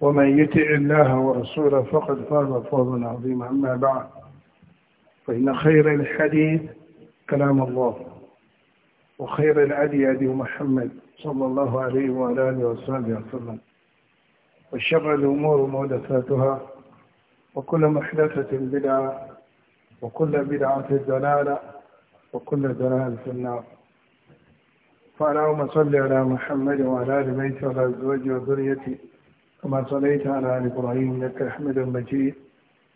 ومن يطع الله ورسوله فقد فاز فوزا عظيما أما بعد فإن خير الحديث كلام الله وخير الأدي أدي محمد صلى الله عليه وعلى آله وصحبه وسلم وشر الأمور محدثاتها وكل محدثة بدعة وكل بدعة ضلاله وكل ضلاله في النار فاللهم صل على محمد وعلى آل بيته وعلى أزواجه وذريته كما صليت على آل إبراهيم إنك حميد مجيد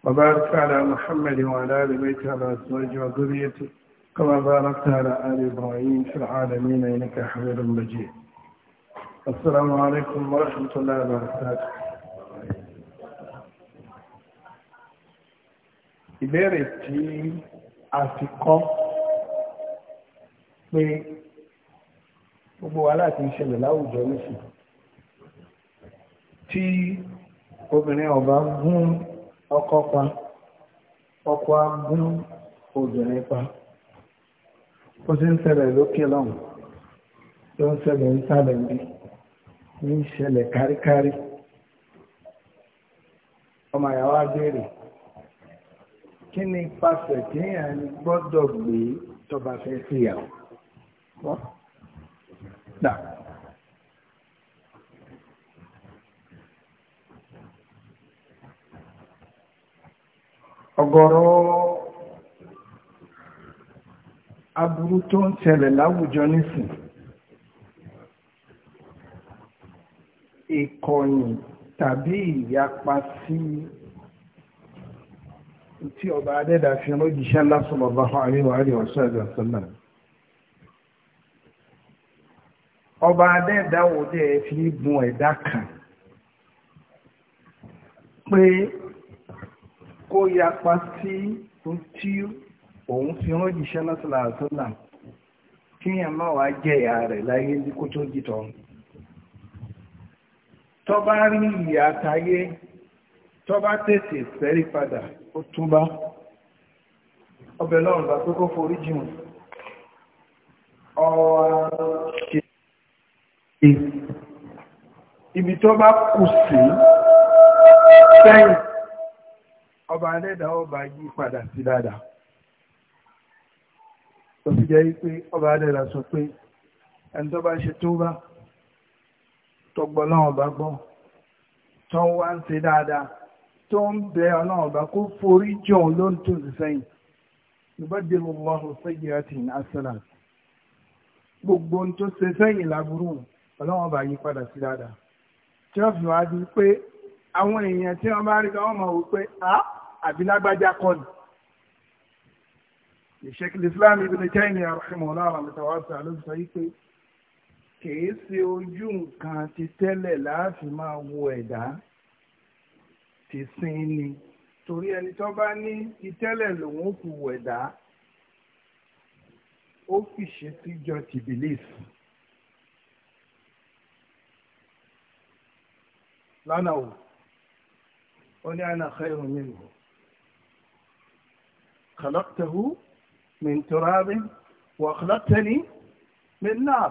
وبارك على محمد وعلى آل بيته على أزواجه وذريته كما باركت على آل إبراهيم في العالمين إنك حميد مجيد السلام عليكم ورحمة الله وبركاته ìbéèrè tí a fi kọ́ pé gbogbo wa láti ń ṣẹlẹ̀ láwùjọ nísìnyí tí obìnrin ọba gún ọkọ pa ọkọ obìnrin pa ó sì ń ṣẹlẹ̀ lókè lọ́hùn tó ń ṣẹlẹ̀ ń sálẹ̀ bí ní ìṣẹlẹ̀ káríkárí ọmọ àyàwó kí ni pàṣẹ gbọ́dọ̀ gbé tọba fẹ́ ọ̀gọ̀rọ̀ aburú tó ń ṣẹlẹ̀ láwùjọ nísìn ìkọ̀yìn tàbí ìyapa sí tí ọba adẹ́dà fi rọ́jíṣẹ́ lásọ̀lọ̀ bá fún àríwá àríwá sọ́ẹ̀dọ̀ ọba adẹ́dà wò dẹ́ fi gun ẹ̀dá kan pé kó yapa sí tí òun fi rán jíṣẹ́ lọ́sọ̀lá àtúnlà kí yẹn má wàá jẹ ìyá rẹ̀ láyé ní kó tó jìtọ̀ tọ́ba rí ìyá táyé tọ́ba tètè fẹ́rí padà ó túbá ọbẹ̀ lọ́rùn bá tó kó forí jùn ọwọ́ ṣe ibi tó kù sí sẹ́yìn ọba alẹ́dà ọba yí padà sí dáadáa tó fi jẹ́ pé ọba alẹ́dà sọ pé ẹni tó bá ṣe tó bá tọgbọ́ lọ́wọ́ bá gbọ́ tó ń wá ń ṣe dáadáa tó ń bẹ ọlọ́wọ́ bá kó forí jọun ló ń tún sẹ́yìn ìbádìrú lọ́rùn sẹ́yìn àti àṣàlà gbogbo ohun tó ṣe sẹ́yìn láburú ọlọ́wọ́ bá yí padà sí dáadáa tí wọ́n fi wá di pé àwọn èèyàn tí wọ́n bá rí gan wọ́n mọ̀ wípé a àbí lágbájá kọ́ ni. Sheikh Islam Ibn Taymiyyah rahimahullah àwọn àmìtàwọ́sà ló sọ wípé kìí ṣe ojú nǹkan ti tẹ́lẹ̀ láàfin máa wo ẹ̀dá ti sin ni torí ẹni tó bá ní ti lòun kù wo ẹ̀dá ó fi ṣètìjọ ti bìlíìsì. lánàá o ó ní àná khairun minhu khalaqtahu min turabin wa khalaqtani min nar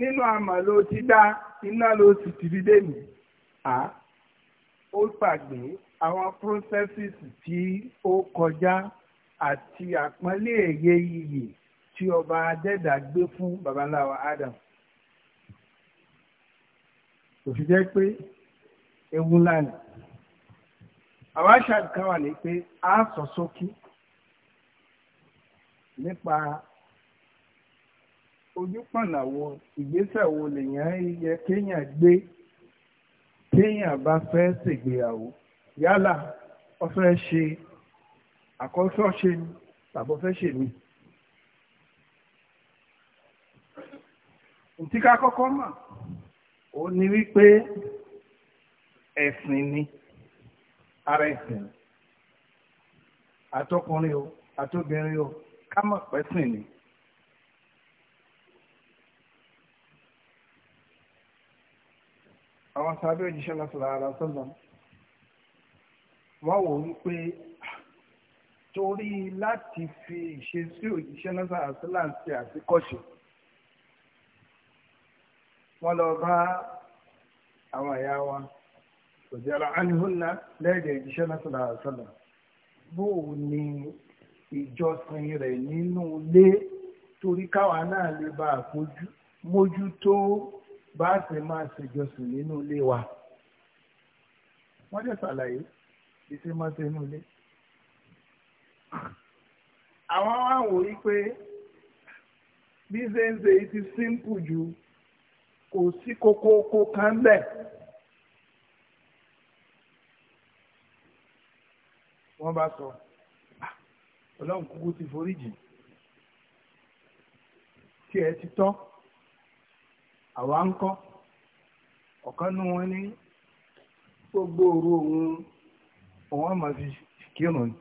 nínú àmà ló ti dá iná ló sì ti rí dèmi à ó gbàgbé àwọn processes tí ó kọjá àti àpọ́nlé èyí iyì tí ọba adẹ́dà gbé fún babaláwa Adam òfin jẹ́ pé ewu ńlá ni àwọn àṣà kan wà ní pé a sọ sókí nípa ojúpọ̀nà wo ìgbésẹ̀ wo lèèyàn yẹ kéèyàn gbé téèyàn bá fẹ́ ṣègbéyàwó yálà ó fẹ́ ṣe àkọ́ṣọ́ ni tàbí ó fẹ́ ṣe mí. ntí ká kọ́kọ́ mọ̀ ó ní wípé ẹ̀sìn ni ara ẹ̀sìn àtọkùnrin o àtobìnrin o ká mọ̀ pẹ́sìn ni. àwọn sábẹ́ òjíṣẹ́ lọ́sọ̀rọ̀ ara sọ́nà wọ́n wò wípé torí láti fi ìṣesí òjíṣẹ́ lọ́sọ̀rọ̀ àṣìlá ń ṣe àṣìkọ́ṣe wọ́n lọ bá àwọn ẹ̀yà wa òjòrò anihunna lẹ́ẹ̀dẹ̀ ìjíṣẹ́ lásìlá àṣọlá bóò ni ìjọsìn rẹ̀ nínú ilé torí káwa náà lè bá àpójú mójútó bá a ṣe máa ṣèjọsìn nínú ilé wa wọ́n jẹ́ ṣàlàyé ìṣe máa ṣe nínú ilé àwọn wá wò ó pé bí ṣe ń ṣe ti simple ju kò sí kókó kan bẹ́ẹ̀. wọ́n bá sọ ah, ọlọ́run kúkú ti foríjì tí ẹ ti tọ́ àwa ń kọ́ ọ̀kan nú wọn ní gbogbo òru òun òun máa fi kírun ni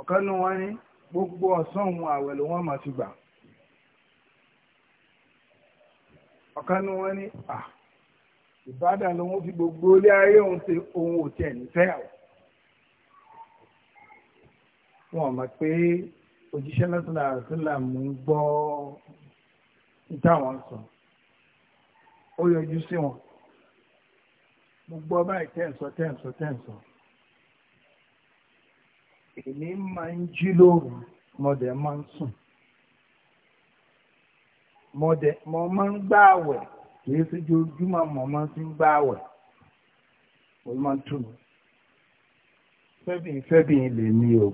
ọ̀kan nú wọn ní gbogbo ọ̀sán òun àwẹ̀ ló wọ́n máa fi gbà ọ̀kan nú wọn ní à. Ah, ìbádà ló ń fi gbogbo ilé ayé òun ti ohun ò tiẹ̀ nífẹ̀ẹ́ àwọn. wọn mọ̀ pé òjíṣẹ́ lọ́sọ̀lá àṣìlá mú ń gbọ́ ìtàwọn sọ ó yọjú sí wọn mo gbọ́ báyìí tẹ́ǹsọ tẹ́ǹsọ tẹ́ǹsọ èmi máa ń jí lóru mo máa ń sùn mo mo máa ń gbààwẹ̀ kìí sójoojúmọ́ mọ̀mọ́ sí ń gbá àwẹ̀ òun máa ń tù mí fẹ́bìn fẹ́bìn lè ní o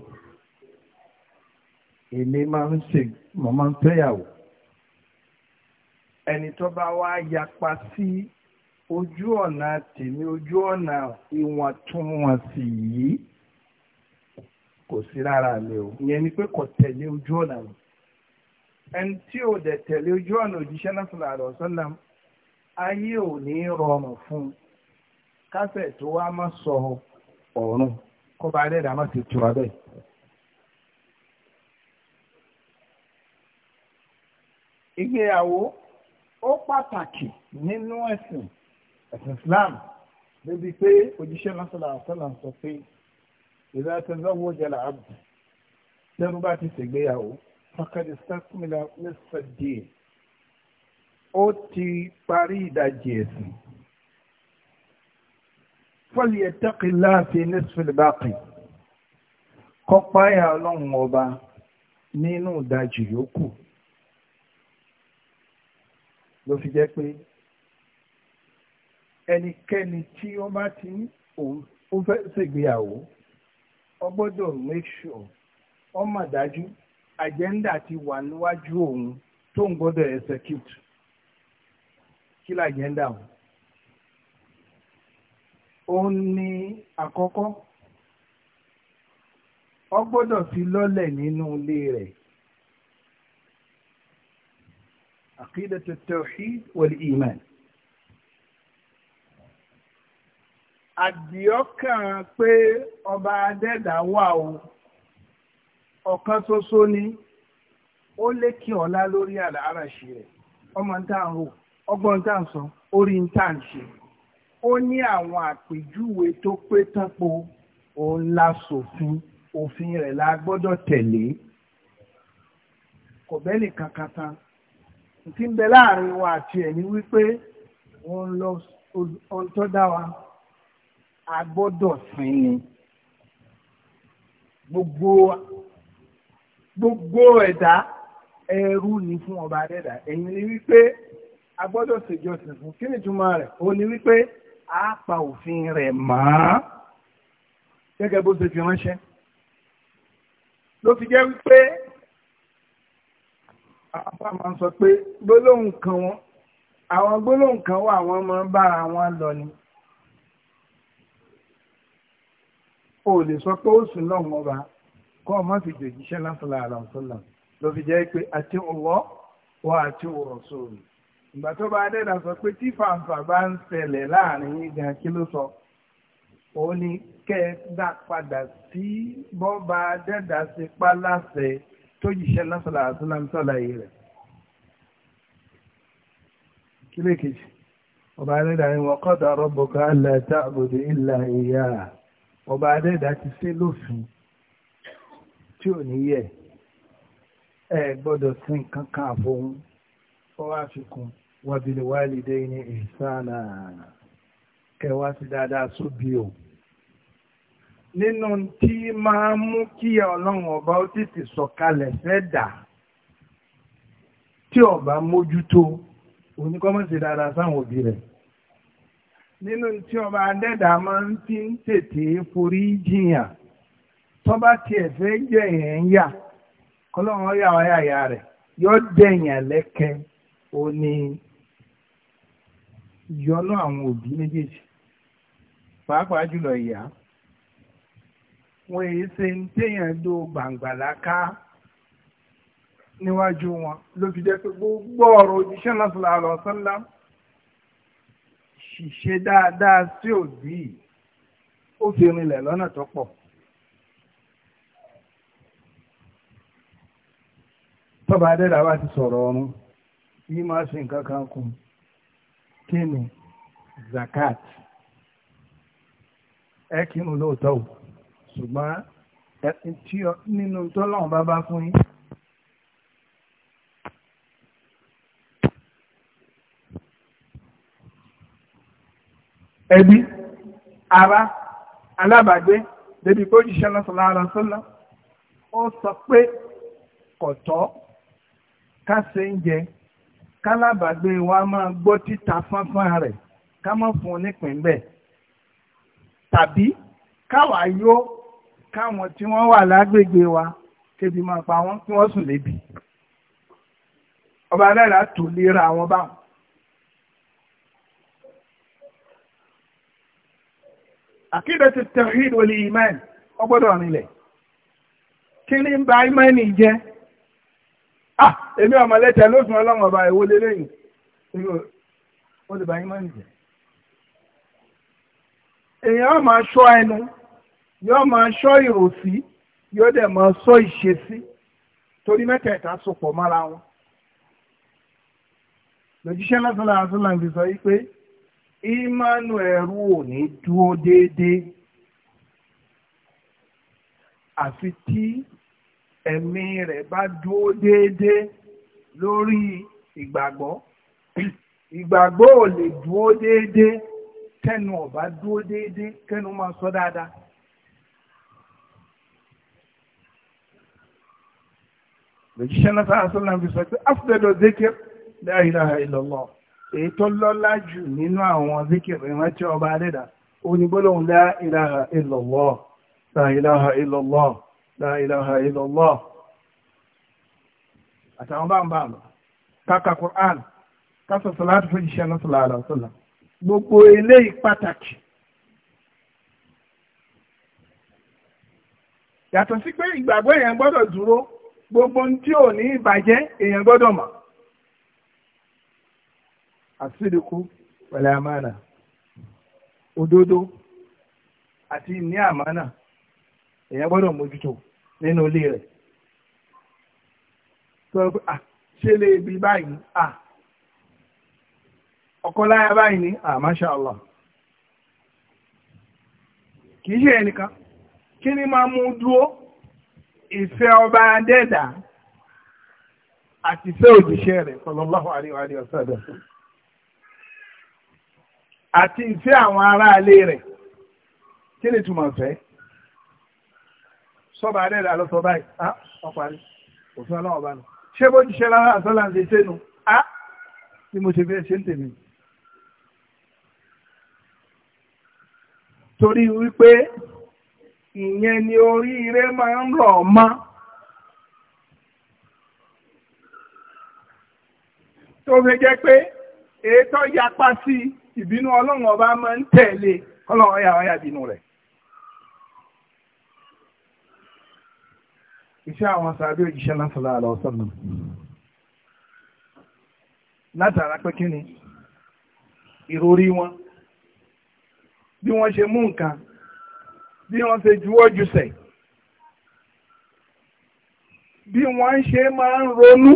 èmi máa ń ṣe mọ̀mọ́ ń fẹ́yàwó ẹni tó bá wá yapa sí ojú ọ̀nà tèmi ojú ọ̀nà ìwọ̀ntúnwọ̀nsì yìí kò sí rárá mi o ìyẹn ni pé kò tẹ̀lé ojú ọ̀nà mi ẹni tí ò dẹ̀ tẹ̀lé ojú ọ̀nà òjíṣẹ́ náà sallallahu alaihi wasallam ayé ò ní rọrùn fún un kásẹ̀ tó wá má sọ ọ̀run kó bá dẹ́dà má ti tura bẹ́ẹ̀. ìgbéyàwó ó pàtàkì nínú ẹ̀sìn ẹ̀sìn Islam débi pé òjíṣẹ́ lásìlá àṣàlà sọ pé ìlà àtẹ̀sọ́wọ́ jẹ́lá àbù lẹ́nu bá ti ṣègbéyàwó fakadìsá kúmìlà mẹ́sàdìẹ̀. ó ti parí ìdajì ẹ̀sìn falyattaqillaha fi nisfil baqi kọ́páyà ọlọ́run ọba nínú ìdajì yòókù ló fi jẹ́ pé ẹnikẹ́ni tí ó bá ti o ó fẹ́ ṣègbéyàwó ó gbọ́dọ̀ make sure àjẹ́ńdà ti wà níwájú òun tó ń gbọ́dọ̀ execute. kí ni àkọ́kọ́ ọ fi lọ́lẹ̀ nínú ilé rẹ̀. عقيدة التوحيد والإيمان àdìọ́kàn pé ọba adẹ́dà wà o ni ó lékè ọlá lórí àlàáràṣì rẹ̀ ọmọ ń tàn rò ọgbọ́n tá à ń sọ orí ń tà ń ṣe ó ní àwọn àpèjúwe tó pé tánpo òun la ṣòfin òfin rẹ̀ la gbọ́dọ̀ tẹ̀lé kò bẹ́ẹ̀ nìkan tán tí ń bẹ láàrin wa àti ẹ̀mí wípé òun lọ ohun tó dá wa a gbọ́dọ̀ sìn ni gbogbo gbogbo ẹ̀dá ẹrú ni fún ọba dẹ́dà ẹ̀yin ni wípé a gbọ́dọ̀ ṣèjọsìn fún kí ni ìtumọ̀ rẹ̀ ó ní wípé a pa òfin rẹ̀ mọ́ gẹ́gẹ́ bó ṣe fi ránṣẹ́ ló fi jẹ́ wípé àpá máa ń sọ pé gbólóhùn kan wọn àwọn gbólóhùn kan wà wọ́n máa ń bára wọn lọ ni o lè sọ pé ó sùn lọ́wọ́ ọba kọ́ ọ má fi jòjíṣẹ́ lásán lára ọ̀sán lọ ló fi jẹ́ pé àti Allah wa àti Rasul ìgbà tó bá dẹ́dà sọ pé tí fàǹfà bá ń ṣẹlẹ̀ láàrin ìgbà kí ló sọ ó ní kẹ́ ẹ dá padà sí bọ́ba dẹ́dà sí pálásẹ tó jíṣẹ́ lásàlá àtúnlámsọ́lá yìí rẹ̀ kí lè kejì ọba dẹ́dà ni wọ́n kọ́ dọ̀rọ̀ bùkà alla ta'budu illa iyyah ọba dẹ́dà ti ṣe lófin tí ò ní yẹ ẹ gbọ́dọ̀ sí nǹkan kan àfọ̀hún. ọwọ́ àfikún wàbílẹ̀ wálìdé ní ìsànà kẹwàá sí o nínú máa mú kí ọlọ́run ọba ó tètè sọ̀kalẹ̀ fẹ́dà tí ọba mójútó oníkọ́mọ̀sí dáadáa sáwọn òbí rẹ̀ nínú ti ọba adẹ́dàá máa ń ti ń tètè forí tiẹ̀ fẹ́ ń yà kọ́lọ́run ọ̀yà ọ̀yà rẹ̀ dẹ̀yàn ó ní ìyọnú àwọn òbí méjèèjì pàápàá jùlọ ìyá wọn èyí ṣe ń téèyàn lo gbàǹgbàlá ká níwájú wọn ló fi jẹ́ pé gbogbo ọ̀rọ̀ òjíṣẹ́ náà sọ̀rọ̀ àlọ́ sọ́lá ṣìṣe dáadáa sí òbí ó fi rinlẹ̀ lọ́nà tó pọ̀. tọ́ba adẹ́dàá wá ti sọ̀rọ̀ ọ̀run yìí máa ṣe nǹkan kan kù kí ni zakat ẹ kírun lóòótọ́ o ṣùgbọ́n tí nínú tọ́lọ́run bá bá fún yín. ẹbí ará alábàgbé débi pé òjíṣẹ́ lọ́sọ̀lá ara ó sọ pé kọ̀tọ́ ká ṣe ń jẹ kálábàgbé wa máa gbọ́ títa fánfán rẹ̀ ká má fún un Tabi bẹ́ẹ̀ tàbí káwa yó káwọn tí wọ́n wà lágbègbè wa kébi máa pa wọ́n kí wọ́n sùn lébi ọba aláìlá tò lera àwọn báwọn. àkídàtì tawhid wal iman ọgbọ́dọ̀ rìnlẹ̀ kí ni ń ba ìmánì jẹ́ ah èmi ọmọ lẹ́tẹ̀ ló sùn ọlọ́run ọba ìwo lélẹ́yìn ó lè bá yín máa ń jẹ. èèyàn máa ṣọ́ ẹnu yóò máa ṣọ́ ìròsí yóò dẹ̀ máa ṣọ́ ìṣesí torí mẹ́tẹ̀ẹ̀ta sopọ̀ mọ́ra wọn. lójúṣẹ́ lásánlá àtúnlá fi sọ wípé ìmánu ẹ̀rú ò dúró déédéé àfi tí ẹ̀mí rẹ̀ bá dúó déédéé lórí ìgbàgbọ́ ìgbàgbọ́ ò lè dúó déédéé kẹ́nu ọ̀bá dúó déédéé kẹ́nu máa sọ dáadáa. lójúṣẹ́ náà sáà sọ́nà fi sọ pé afdal zikr la ilaha illallah èyí tó lọ́lá jù nínú àwọn zikr ìrántí ọba adẹ́dà ó ní gbólóhùn la ilaha illallah la ilaha illallah. la ilaha illallah àtàwọn bá ń bá lọ káka Qur'an kásọ sọláàtì fún ìṣẹ́ náà sọlá gbogbo eléyìí pàtàkì yàtọ̀ sí pé ìgbàgbọ́ èèyàn gbọ́dọ̀ dúró gbogbo ohun tí ò ní ìbàjẹ́ èèyàn gbọ́dọ̀ mọ̀ àsìdìkú pẹ̀lú àmànà òdodo àti ìní nínú ilé rẹ̀ sọ pé à ṣe lè bí báyìí à ọkọ láya báyìí ni à masha Allah kì í ṣe ẹnìkan kí ni máa mú dúró ìfẹ́ ọba adẹ́dà àti ìfẹ́ òjíṣẹ́ rẹ̀ sallallahu alaihi wa sallam àti ìfẹ́ àwọn aráalé rẹ̀ kí ni túmọ̀ fẹ́? sọ́ba adẹ́dà lọ sọ báyìí á ọparí òfin ọlọ́wọ́ bá nù ṣé bó ti ṣe lára àsọ́là ń ṣe sẹ́nu á bí mo ṣe fẹ́ ṣe ń tèmi. torí wípé ìyẹn ni oríire máa ń rọ̀ mọ́. tó fi jẹ́ pé ètò yapa sí ìbínú ọlọ́run ọba máa ń tẹ̀lé ọlọ́run ọyà ọyà bínú rẹ̀. iṣẹ́ àwọn sàbí òjíṣẹ́ lásìlá àlọ́sọ̀nà látara pé kí ni ìrorí wọn bí wọ́n ṣe mú nǹkan bí wọ́n ṣe juwọ́ jùsẹ̀ bí wọ́n ṣe máa ń ronú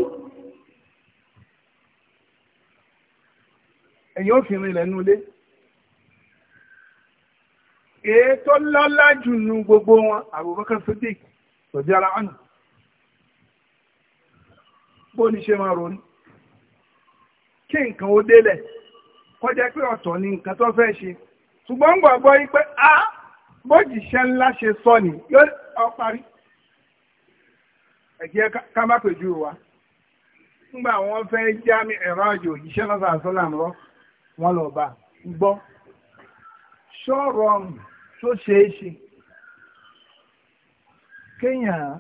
ẹ̀yìn òfin ilẹ̀ nulẹ̀ èyí tó lọ́lá jù nu gbogbo wọn Abubakar Siddiq rọ̀dí ara hàn bó ní ṣe máa ronú kí nǹkan ó délẹ̀ kọjá pé ọ̀tọ̀ ni nǹkan tó fẹ́ ṣe ṣùgbọ́n gbàgbọ́ yí pé a bójìṣẹ́ ńlá ṣe sọ ni yóò ọ parí ẹ̀kẹ́ ká má pèjú wa ńgbà wọn fẹ́ já mi ẹ̀rọ àjò òjíṣẹ́ lọ́sà àṣọlà rọ wọn lọ bá gbọ́ ṣọ́ọ̀rọ̀ tó ṣeé ṣe kéèyàn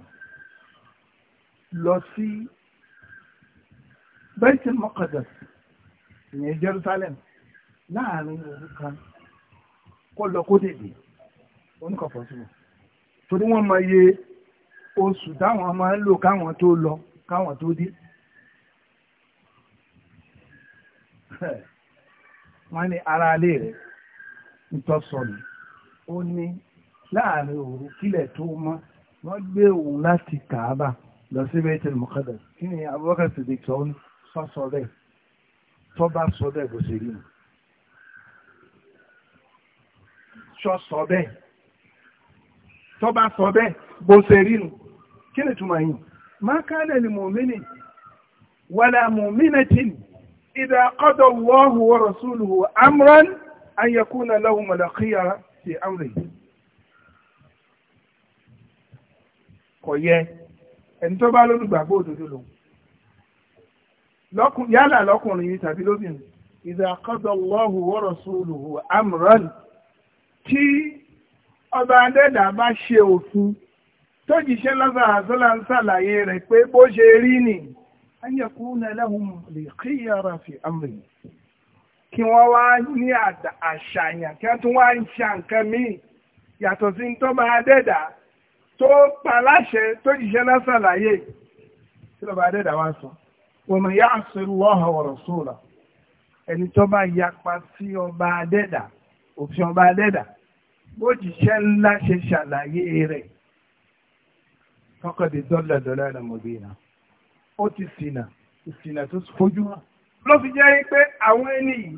lọ sí Baitul Maqdis ìyẹn Jerusalem láàrin òru kan kó lọ kó dèdè oníkọ̀pọ̀sùn torí wọ́n mọ iye oṣù táwọn máa ń lò káwọn tó lọ káwọn tó dé wọ́n ní ara alé rẹ̀ nítọ́sọ̀nù ó ní láàrin òru kílẹ̀ tó mọ́ wọ́n gbé òun láti kàábà lọ sí Baitul Muqaddas kí ni Abubakar Siddiq sọ ń sọ bẹ́ẹ̀ tó bá sọ bẹ́ẹ̀ bó ṣe rí mi sọ sọ bẹ́ẹ̀ tó bá sọ bẹ́ẹ̀ bó ṣe rí mi kí ni túmọ̀ yìí ma kana li mu'minin wala mu'minatin idha qada Allahu wa rasuluhu amran an yakuna lahumul khiyara fi amrihi. kò yẹ ẹni tó bá lólùgbàgbọ́ òdodo lòun yálà lọ́kùnrin yìí tàbí lóbìnrin ìdá qadallahu wa rasuluhu amran tí ọba adẹ́dà bá ṣe òfin tó jíṣẹ́ lọ́sà àzọ́là ń ṣàlàyé rẹ̀ pé bó ṣe rí ni ayẹkùnà lahum liqiyara fi amri kí wọ́n wá ní àṣàyàn kí wọ́n tún wá ń míì yàtọ̀ sí tó pa láṣẹ tó jíṣẹ́ lásán láyé tí lọ́ba adẹ́dà wá sọ wa man ya'si Allaha wa rasulahu ẹni tó bá yapa sí ọba adẹ́dà òfin ọba adẹ́dà bó jíṣẹ́ ńlá ṣe ṣàlàyé rẹ̀ kọ́kọ́dé dọ́là dọ́là rẹ̀ mọ̀ bíi náà ó ti ṣìnà ìṣìnà tó fojú hàn ló fi jẹ́ pé àwọn ẹni yìí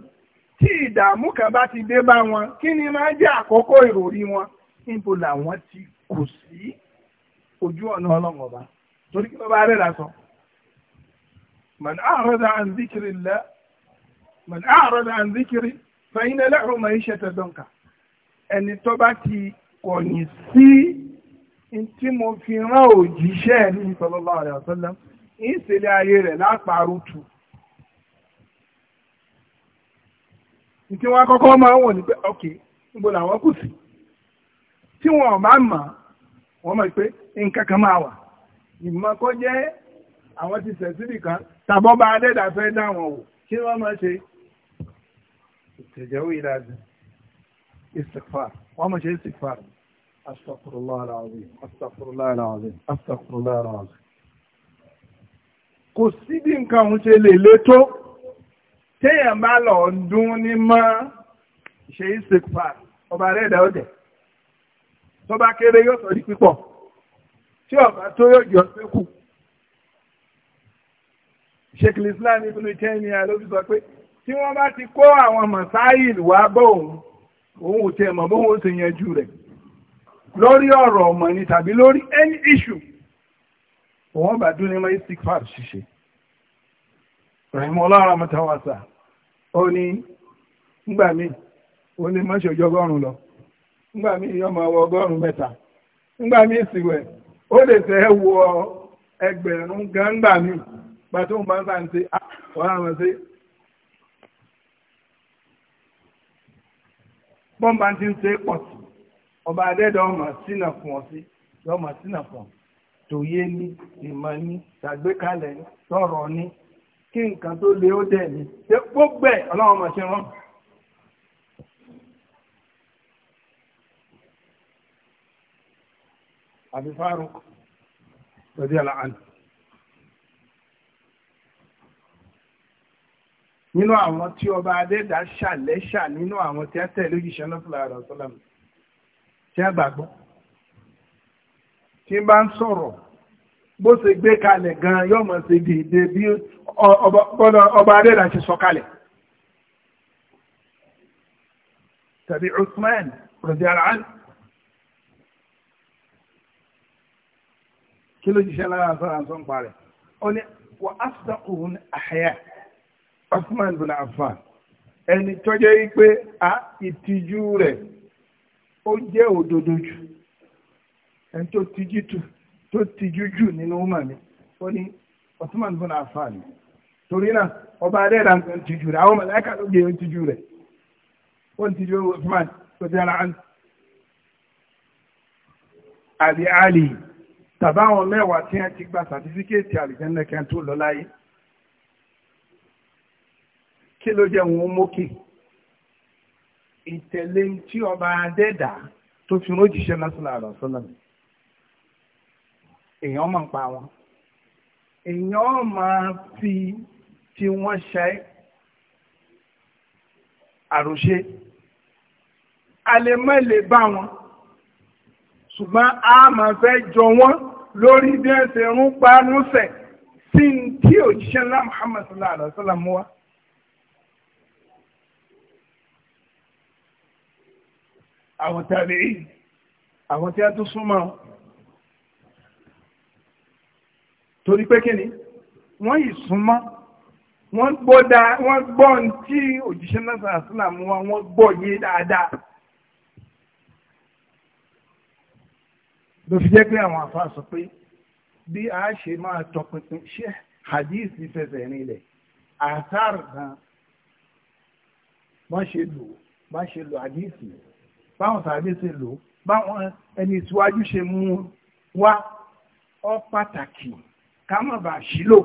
tí ìdààmú kan bá ti dé bá wọn kí ni máa jẹ́ àkọ́kọ́ ìròrí wọn níbo làwọn ti kò sí ojú ọ̀nà ọlọ́run ọba torí kí ló bá rẹ̀ lásọ. من أعرض عن ذكر الله من أعرض عن ذكري فإن له معيشة ضنكا ẹni tó bá ti kọ̀yìn sí tí mo fi rán òjíṣẹ́ ní sallallahu alaihi wasallam ìṣẹ̀lẹ̀ ayé rẹ̀ lápárùtù. tí wọ́n kọ́kọ́ máa ń wọ̀ ní pé ok níbo làwọn kù sí tí wọn bá mọ̀ wọ́n mọ̀ pé nǹkan kan máa wà ìmọ̀ kó jẹ́ àwọn ti sẹ̀ síbì kan tàbọ́ bá adẹ́dà fẹ́ dá wọn wò kí wọ́n máa ṣe ìtẹ̀jẹ̀wò ìlàjì istighfar wọ́n máa ṣe istighfar astaghfirullah alazim astaghfirullah alazim astaghfirullah alazim kò síbi nǹkan òun ṣe lè létó téèyàn bá lọ dún ní mọ́ ṣe istighfar ọba adẹ́dà ọ̀dẹ̀ tó bá kéré yóò sọ di pípọ̀ tí ọ̀bá tó yóò jọ sékù sheikh islam ibn taymiya ló fi sọ pé tí wọ́n bá ti kó àwọn masáìlì wá bọ́ òun òun ò tiẹ̀ mọ̀ bó wọ́n ti yanjú rẹ̀ lórí ọ̀rọ̀ ọmọ ni tàbí lórí any issue òun bá dún ní mọ́ istikfar ṣiṣẹ́ rahimola ramata wasa ó ní ngbà míì ó ní mọ́ṣẹ́ ọjọ́ ọgọ́rùn-ún lọ ńgbà mi yọ máa wọ ọgọ́rùn-ún mẹ́ta ńgbà mí ìsìwẹ̀ ó lè fẹ́ wọ ẹgbẹ̀rún gan ńgbà mí pàtó ń bá ń bá ń ṣe wọ́n á mọ̀ sí. bọ́ǹbà ti ń ṣe pọ̀ sí ọba adẹ́dọ̀ ọmọ sínà fún ọ sí lọ́mọ sínà fún ọ tòye ní ìmọ̀ ní ṣàgbékalẹ̀ ní ní kí nǹkan tó lé ó dẹ̀ ní ṣé gbogbo ẹ̀ ọlọ́run mọ̀ ṣe rán. àbí Faruk radiyallahu anhu. nínú àwọn tí ọba adẹ́dà ṣàlẹ́ṣà nínú àwọn tí a tẹ̀lé òjíṣẹ́ lọ́sọ̀lá rẹ̀ sọ́lá tí a gbàgbọ́ tí bá ń sọ̀rọ̀ bó ṣe gbé kalẹ̀ gan yóò mọ̀ sí dìde bí ọba adẹ́dà ṣe sọ kalẹ̀ tàbí Usman rọ̀dí ara kí ló jíṣẹ́ lára sọ́ra sọ́n pa rẹ̀ ó ní wà á sọ òun àyà Osman bin Affan ẹni tọ́jọ́ yìí pé a ìtìjú rẹ̀ ó jẹ́ òdodo jù ẹni tó tijú jù tó tijú jù nínú ọmọ mi ó ní Osman bin Affan torí náà ọba adẹ́rà ń tijú rẹ̀ àwọn mọ̀lẹ́kà ló gbé ń rẹ̀ ó ń tijú Osman tó ti ara àbí Ali tàbá àwọn mẹ́wàá tí wọ́n ti gba sàtífíkẹ́ẹ̀tì àlìjẹ́nẹ́kẹ́ tó lọ láyé kí ló jẹ́ wọn mókè ìtẹ̀lé tí ọba adẹ́dà tó fi rójìṣẹ́ lásìlá àrọ̀ sọ́nà mi èèyàn máa ń pa wọn èèyàn máa fi tí wọ́n ṣe àròṣe a lè má lè bá wọn ṣùgbọ́n a máa fẹ́ jọ wọ́n lórí bí ẹ ṣe ń panúṣẹ̀ sí tí òjíṣẹ́ ńlá Muhammad sallallahu alaihi wa sallam wá. àwọn tàbí àwọn tí a tún súnmọ́ torí pé kí ni wọ́n yìí súnmọ́ wọ́n gbọ́ tí òjíṣẹ́ náà sàásùnà mú wa wọ́n gbọ́ yé dáadáa ló fi jẹ́ pé àwọn àfa sọ pé bí a ṣe máa tọpinpin ṣé hadith fẹsẹ̀ rinlẹ̀ àtàr gan wọ́n ṣe lò bá ṣe lò hadith báwọn tàbí ṣe lò báwọn ẹni síwájú ṣe mú wá ọ pàtàkì ká má bàa ṣílò.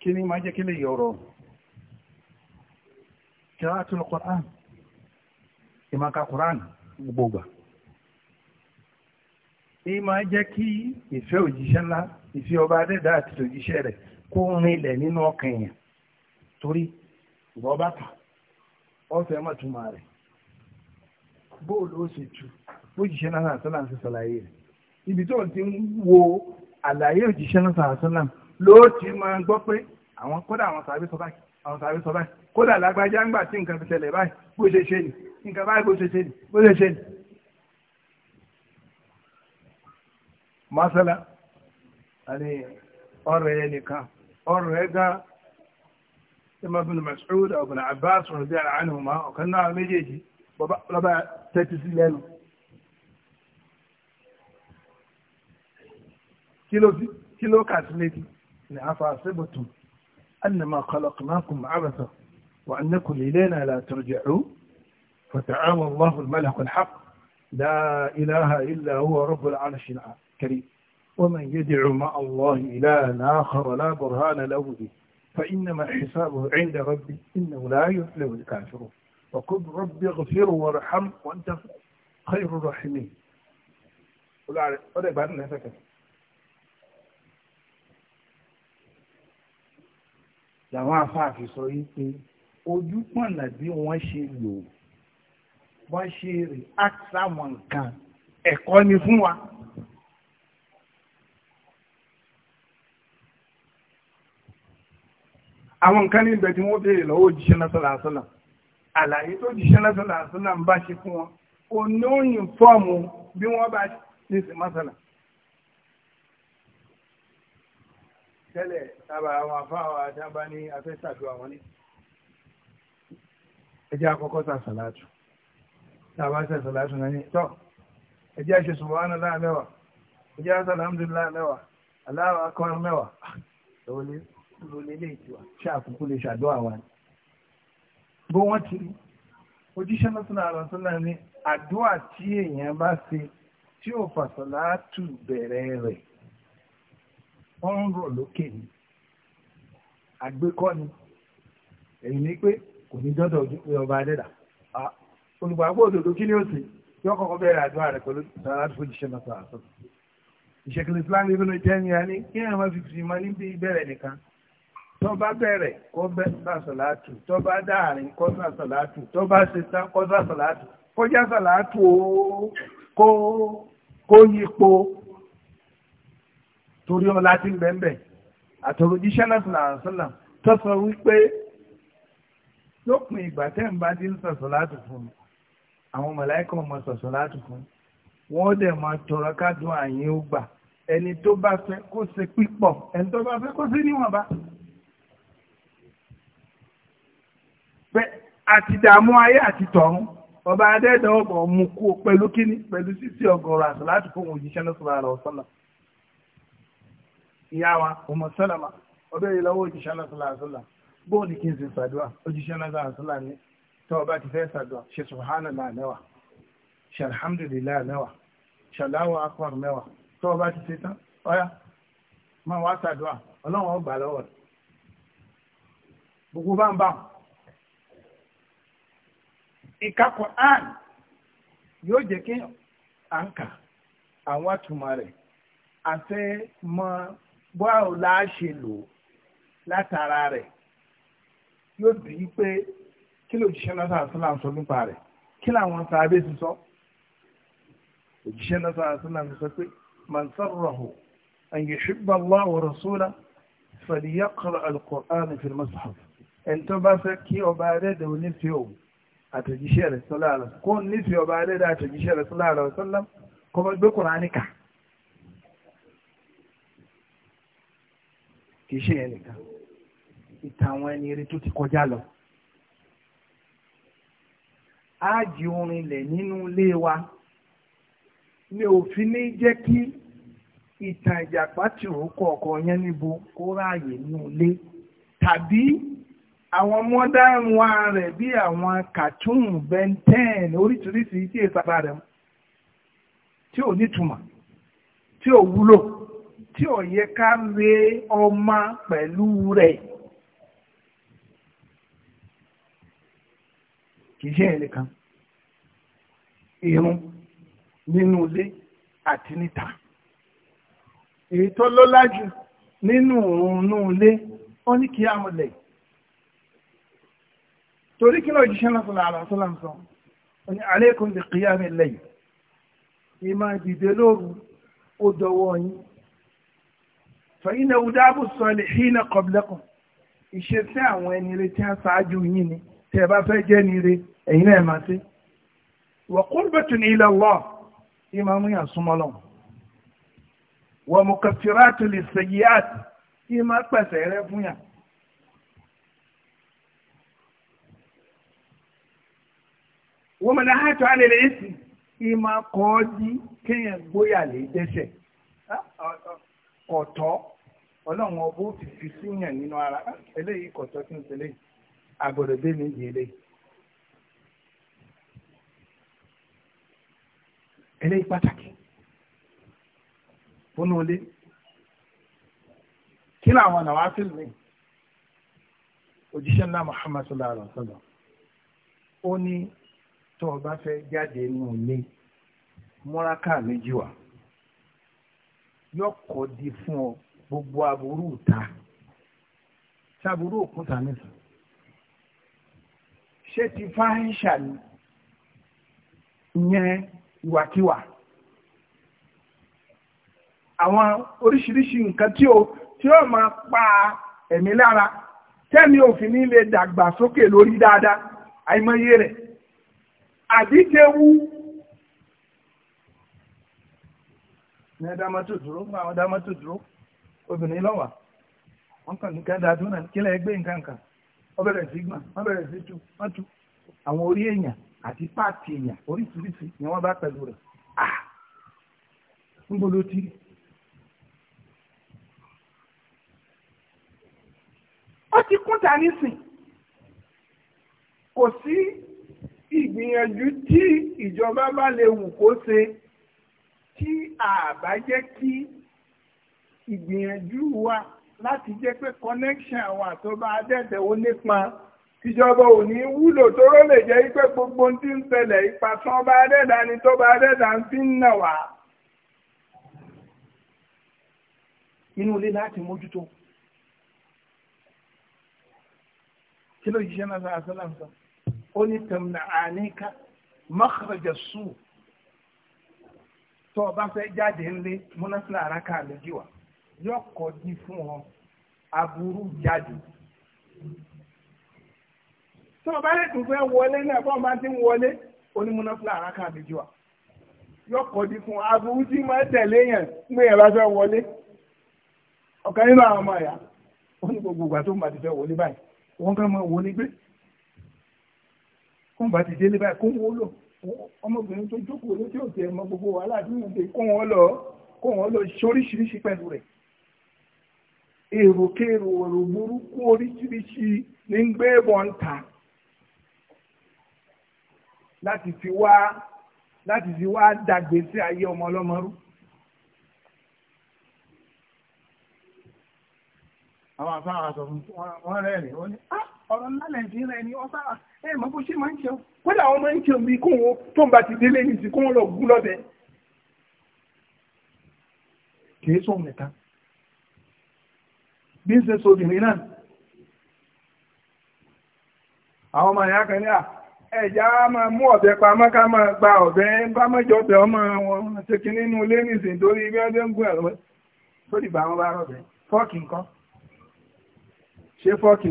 kí ni máa jẹ́ kí lè yọ̀rọ̀ kí wọ́n tún lọ ìmọ̀ọ́ka Quran gbogbo gbà ní máa jẹ́ kí ìfẹ́ òjíṣẹ́ ńlá ìfẹ́ ọba adẹ́dá àti òjíṣẹ́ rẹ̀ kó rin ilẹ̀ nínú ọkàn èèyàn torí ìwọ bá kà ọ̀fẹ́ mọ̀túnmọ̀ rẹ̀ bóòlù ó sì tu òjíṣẹ́ náà sàtọ́là ń ṣe ṣàlàyé rẹ̀ ibi tó ti ń wo àlàyé òjíṣẹ́ náà sàtọ́là ló ti máa gbọ́ pé àwọn kódà àwọn sàbí sọ báyìí àwọn sàbí sọ báyìí kódà lágbájá ńgbà tí nǹkan fi ṣẹlẹ̀ báyìí bó ṣe ṣe nìyí nǹkan báyìí bó ṣe ṣe ni bó ṣe ṣe ni. masala àní ọ̀rọ̀ ẹ nìkan ọ̀rọ̀ ẹ gan imam bin mas'ud abu na abbas radiyallahu anhuma ọ̀kan náà méjèèjì lọ́ba tẹ́tí sí lẹ́nu. kí ló kà sí létí ni afa asibtum annama khalaqnakum abasa wa annakum ilayna la turja'un. فتعالى الله الملك الحق لا إله إلا هو رب العرش الكريم ومن يدع مع الله إلها آخر لا برهان له به فإنما حسابه عند ربي إنه لا يفلح الكافرون وقل ربي اغفر وارحم وأنت خير الراحمين làwọn afáàfin sọ yìí pé ojú pọ̀nà bí wọ́n ṣe lò wọ́n ṣe rè àtàwọn nǹkan ẹ̀kọ́ ni fún wa. àwọn nǹkan ní ibẹ̀ tí wọ́n béèrè lọ́wọ́ òjíṣẹ́ lásọ̀lá àṣọ́là àlàyé tó jíṣẹ́ lásọ̀lá àṣọ́là ń bá ṣe fún wọn ò ní òyìn fọ́ọ̀mù bí wọ́n bá ní sí mọ́sálà. tẹ́lẹ̀ tábà àwọn afáwà àdábá ní afẹ́sàdù àwọn ní ẹjẹ́ àkọ́kọ́ sàṣàlátù tàbá ṣe sọ̀látù náà ní tọ́ ẹjẹ́ ṣe subhanallah mẹ́wàá ẹjẹ́ ṣe alhamdulillah mẹ́wàá Allahu akbar mẹ́wàá lọ́wọ́lé lè tiwa ṣe àkókò lè ṣàdúrà wa ni. bó wọ́n ti rí ojúṣẹ́ lọ́sọ̀nà àlọ́sọ̀nà ni àdúrà tí èèyàn bá ṣe tí ò fàṣọlátù bẹ̀rẹ̀ rẹ̀ wọ́n ń rọ̀ lókè ni àgbékọ́ ni èyí ni pé kò ní dọ́dọ̀ ojú pé ọba adẹ́dà ah, olùgbàgbọ́ òdòdó kí ni ó sì yọ kọ́kọ́ bẹ̀rẹ̀ àdúrà rẹ̀ pẹ̀lú sàrádì fún ìṣẹ́ náà sàrásọ. ìṣèkìlì islam ní ìbínú jẹ́ ní alẹ́ kí àwọn fi fi máa níbi ìbẹ̀rẹ̀ nìkan tó bá bẹ̀rẹ̀ kó bẹ́ sàṣọ̀láàtù tó bá dáàrin kó sàṣọ̀láàtù tó bá ṣe tán kó sàṣọ̀láàtù kó já sàṣọ̀láàtù ó kó yípo torí ọlá tí ń bẹ́ẹ̀ àtọ̀rọ̀jíṣẹ́ náà lópin ìgbà tẹ́ ń bá ti ń sàṣọ̀láàtù fún mi àwọn mọ̀láìkà ọmọ sọ̀sọ̀ láti fún wọ́n dẹ̀ máa tọrọ kádùn àyín ó gbà ẹni tó bá fẹ́ kó ṣe pípọ̀ ẹni tó bá fẹ́ kó ṣe níwọ̀nba. pé àti dààmú ayé àti tọ̀run ọba adẹ́dàá ọ̀bọ̀ mú kú pẹ̀lú kíní pẹ̀lú sísí ọgọ́rọ̀ àṣà láti fún òjíṣẹ́ náà sọ̀rọ̀ àrọ̀ sọ́nà. ìyá wa ọmọ sọ́nà ma ọbẹ̀ yìí lọ́wọ́ òjíṣẹ́ náà sọ̀rọ̀ àṣà bóun ni kí n sì ṣàdúrà òjíṣẹ́ náà sọ̀rọ̀ àṣà ní tó bá ti fẹ́ sàdọ̀ ṣe subhanallah mẹ́wàá ṣe alhamdulillah mẹ́wàá ṣe Allahu mẹ́wàá bá ti ṣe tán ọ̀yá máa wá sàdọ̀ ọlọ́run ọgbà lọ́wọ́ gbogbo bá ń bá ìka Qur'an yóò jẹ́ kí à àwọn la ṣe lò látara rẹ̀ yóò bí kí ló jíṣẹ́ náà sáà sílá sọ nípa rẹ̀ kí làwọn sàábẹ́ ti sọ òjíṣẹ́ náà sáà sílá sọ pé man sarrahu an yuhibba Allah wa rasulahu falyaqra al-Qur'an fi al-mushaf ẹni tó bá fẹ́ kí ọba rẹ̀ dẹ̀ onífẹ́ òun àtẹ̀jíṣẹ́ rẹ̀ sọ́lá rẹ̀ kó nífẹ̀ẹ́ ọba rẹ̀ dẹ̀ àtẹ̀jíṣẹ́ rẹ̀ sọ́lá rẹ̀ sọ́lá kọ́ mọ́ gbé Kùránì kà kì í ṣe yẹn nìkan ìtàwọn ẹni eré tó ti kọjá lọ. áàjì orin lẹ̀ nínú ilé wa mi ò fi ní jẹ́ kí ìtàn ìjàpá tìrò kọ̀ọ̀kan yẹn níbo kó ráàyè nínú ilé tàbí àwọn modern wa rẹ̀ bí àwọn cartoon ben ten oríṣiríṣi tí èsàbà rẹ̀ tí ò nítumọ̀ tí ò wúlò tí ò yẹ ká re ọmọ pẹ̀lú kìí ṣe ẹnìkan irun nínú ilé àti níta èyí tó lọ́lá jù nínú òun ilé ó ní kí á mọ̀lẹ̀ torí kí ló jíṣẹ́ náà sọ̀rọ̀ àrà sọ́lá sọ ó ní alaykum bi qiyam al lóru ó dọwọ́ yín fa innahu da'bu as-salihina qablakum ìṣesí àwọn ẹni retí aṣáájú yín ni tẹ́ ẹ bá fẹ́ jẹ́ ní ire ẹ̀yin náà máa ṣe wa qurbatun ila Allah yìí máa mú yàn súnmọ́ lọ́wọ́ wa mukaffiratu lis-sayyi'at yìí máa pèsè rẹ fún yàn. wa manahatu 'anil ismi yìí máa kọ́ ọ́ di kéèyàn gbóyà lè dẹ́sẹ̀ ọ̀tọ̀ ọlọ́run ọbọ̀ ti fi nínú ara eléyìí kọ̀tọ́ tí ń ṣe léyìí àgbọ̀dọ̀ dé ní ìyẹlẹ. eléyìí pàtàkì fúnnú ilé kí làwọn àwọn àfihàn mi òjíṣẹ́ ńlá Muhammad sallallahu alaihi wa sallam ó ní tó o bá fẹ́ jáde nínú ilé múraká méjì wá yọkọ̀ di fún ọ gbogbo aburú ta ṣàbúrú òkúta nìkan ṣé ti fáhíṣà ni ìyẹn ìwàkiwà àwọn oríṣiríṣi nǹkan tí ó tí ó máa pa ẹ̀mí lára tẹ́mi òfin ní lè dàgbà sókè lórí dáadáa àìmọye rẹ̀ àdíkéwu ní ẹ̀dámọ́tò dúró fún àwọn ẹ̀dámọ́tò dúró obìnrin lọ́wọ́ wọ́n bẹ̀rẹ̀ sí gbọ̀n wọ́n bẹ̀rẹ̀ sí tu wọ́n tu àwọn orí èèyàn àti páàtì èèyàn oríṣiríṣi ni wọ́n bá pẹ̀lú rẹ̀ ah ń bolo tí. ó ti kúta nísìn kò sí ìgbìyànjú tí ìjọba bá lè wù kó ṣe tí a bá jẹ́ kí ìgbìyànjú wa láti jẹ́ pé connection àwọn àtọ́ba adẹ́tẹ̀ ó nípa ìjọba ò ní wúlò tóró lè jẹ́ pé gbogbo ohun tí ń ṣẹlẹ̀ ipa tán ọba adẹ́dà ni tọ́ba adẹ́dà ń fi ń nà wá. inú ilé láti mójútó kí ló yíṣẹ́ náà sáà sọ́lá ó ní tẹ̀mùnà àníkà mọ́kànlá sùn tó o bá fẹ́ jáde ńlé múnásílà àràkà méjì wá yọkọ̀ di fún ọ aburú jáde tí wọ́n bá lè tún fẹ́ wọlé náà fọ́n bá ti ń wọlé onímúnáfíà àràkà àbíjú wa yọkọ̀ di fún aburú tí máa tẹ̀lé yẹn pé yẹn bá fẹ́ wọlé ọ̀kan nínú àwọn ọmọ ẹ̀yà ó ní gbogbo ìgbà tó ń bá ti fẹ́ wọlé báyìí wọ́n kàn máa wọlé gbé kó ń bá ti délé báyìí kó ń wọlò ọmọbìnrin tó jókòó ló tí ò tẹ̀ mọ gbogbo wàhálà tí wọ́n kó wọn lọ kó wọn lọ ṣoríṣiríṣi pẹ̀lú rẹ̀ èròkèrò ọ̀rọ̀ burúkú oríṣiríṣi ní gbé wọn ta láti fi wá láti fi wá dàgbé sí ayé ọmọ ọlọ́mọ àwọn àfáà àṣọ wọn rẹ́rìn ó ní ah, ọ̀rọ̀ ńlá lẹ́yìn rẹ̀ ni ọ̀sá ẹ̀ mọ̀ bó ṣe máa ń ṣe ọ́. kódà àwọn máa ń ṣe omi kóun tó ń bá ti délé ní ìsìn kóun lọ gún lọ́dẹ. kì í sóhun nìkan bí ń so sóbìnrin náà àwọn ọmọ ìyá kan ní à ẹ̀já máa mú ọ̀bẹ gba ọ̀bẹ bá mọ́jọ ọ̀bẹ ọmọ wọn ṣe kí nínú ilé nìsín torí bí wọ́n gún ẹ̀rọ tó dìbò àwọn bá fọ́ọ̀kì nǹkan ṣé fọ́ọ̀kì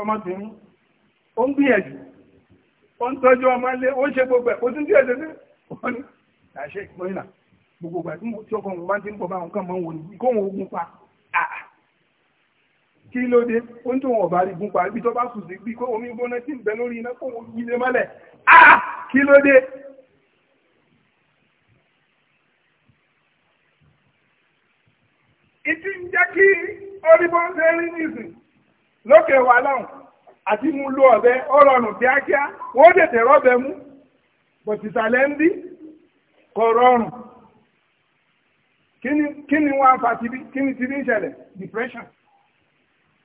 ọmọ tèmi ó ń gbìyànjú ó ń tọ́jú ọmọ ilé O ń ṣe gbogbo ẹ̀ ó tún díẹ̀ dédé wọ́n ní àṣẹ ìpínlẹ̀ gbogbo ìgbà tí ọkọ̀ òun bá ti ń bọ̀ bá àwọn kan máa ń wò ní kó wọn ogun pa kí ló dé ó ń tó wọn ọ̀bá rí gun pa ibi tó bá sùn sí bí kó omi gbóná tí ń bẹ lórí iná kó wọn yílé mọ́lẹ̀ kí ló dé ìtí ń jẹ́ kí orí bọ́ rí nìsín lókè wa láhùn àti mú lú ọ̀bẹ ó rọrùn kíákíá wọ́n tètè rọ́bẹ mú bọ̀tìsàlẹ̀ ń dí kò rọrùn kí ni wọ́n fa tibí kí tibí ń ṣẹlẹ̀ depression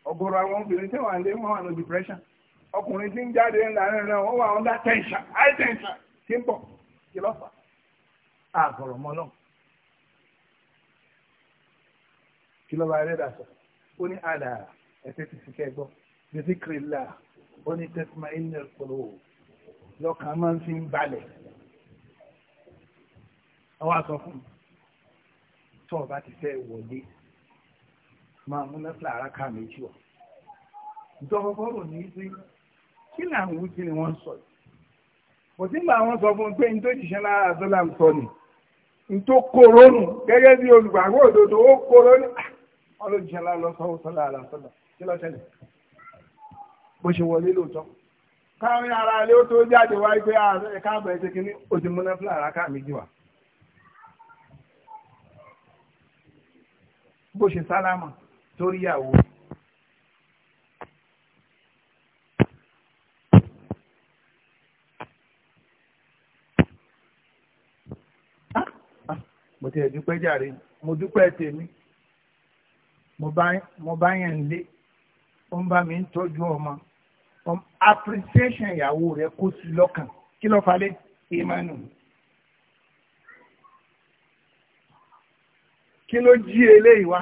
ọ̀gọ̀rọ̀ àwọn obìnrin tí wọ́n lé wọ́n wà ní depression ọkùnrin tí ń jáde ńlá rẹ̀ wọ́n wà tension high tension tí ń bọ̀ kí lọ́fà àgọ̀rọ̀ mọ́ náà kí ẹ̀fẹ́ ti fi kẹ́gbọ́ bizikrila ó ní tẹ́símà ilẹ̀ kúrò lọ́kàn máa ń fi ń balẹ̀ àwọn àsọ fún mi tó o bá ti fẹ́ wọlé máa mú lẹ́sìlá ara ká méjì ọ̀ ìjọba bọ́rọ̀ ní sí kí ni àwọn wíkí ni wọ́n sọ yìí kò sí mà wọ́n sọ fún pé ní tó jìṣẹ́ lára àdọ́là ń sọ ni ní tó kóró nù gẹ́gẹ́ bí olùgbàgbọ́ òdodo ó kóró ní ọlọ́jìṣẹ́ ah, lára lọ́sọ̀ọ́sọ́lá àlàsọ́lá kí ló ṣẹlẹ̀ bó ṣe wọlé lóòótọ́ káàrin ara ilé ó tó jáde wá pé ah, káàbọ̀ ẹ̀ṣẹ̀ kínní ó ti múná fúlàrà káà méjì wá bó ṣe sálámà torí ìyàwó ah, ah, mo ti ẹ̀ dúpẹ́ jàre mo dúpẹ́ tèmi mo bá yẹn lé ó ń bá mi ń tọ́jú ọmọ appreciation ìyàwó rẹ̀ kó sí lọ́kàn kí ló falẹ̀ ìmánu. kí ló jí eléyìí wá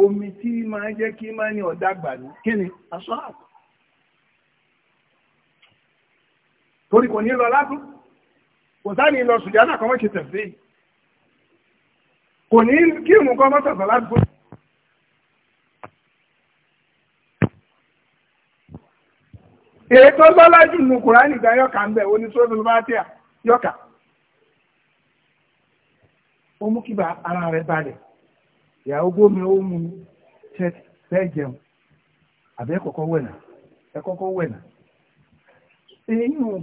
omi tí máa jẹ́ kí máa ní ọ̀dá gbà kí ni aṣọ àpò torí kò ní lọ látún kò sáàni lọ sùjádà kọmọ́ ṣe tẹ̀fẹ́ kò ní kí ìrùn kọmọ́ tẹ̀fẹ́ látún èyí tó lọ́lá jù nù kùránì ìgbà yọ̀kà ń bẹ̀ oní suratul Fatiha yọ̀kà ó mú kí ara rẹ̀ balẹ̀ ìyàwó gómi ó mú tẹ́ jẹun àbẹ́ kọ̀kọ́ wẹ̀nà ẹ kọ́kọ́ wẹ̀nà èyí ò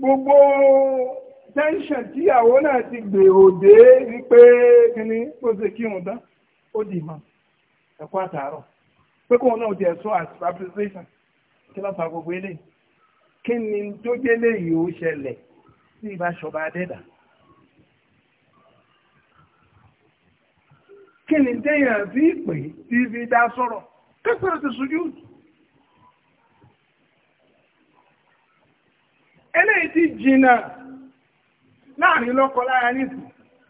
gbogbo tẹ́ńṣọ̀n tíyàwó náà ti gbèrò dé wípé kíní ó ṣe kí òun dán ó dì mọ́ ẹ̀kọ́ àtàárọ̀ pé kóun náà ti ẹ̀sọ́ àti appreciation kí ló gbogbo eléyìí kí ni tó jẹ́ léyìí ó ṣẹlẹ̀ sí ìbáṣọba adẹ́dà. kí ni téèyàn fi pè tí fi dá sọ̀rọ̀ kẹsàn-án ti sojú. eléyìí ti jìnnà. láàrin lọ́kọ láya nísìn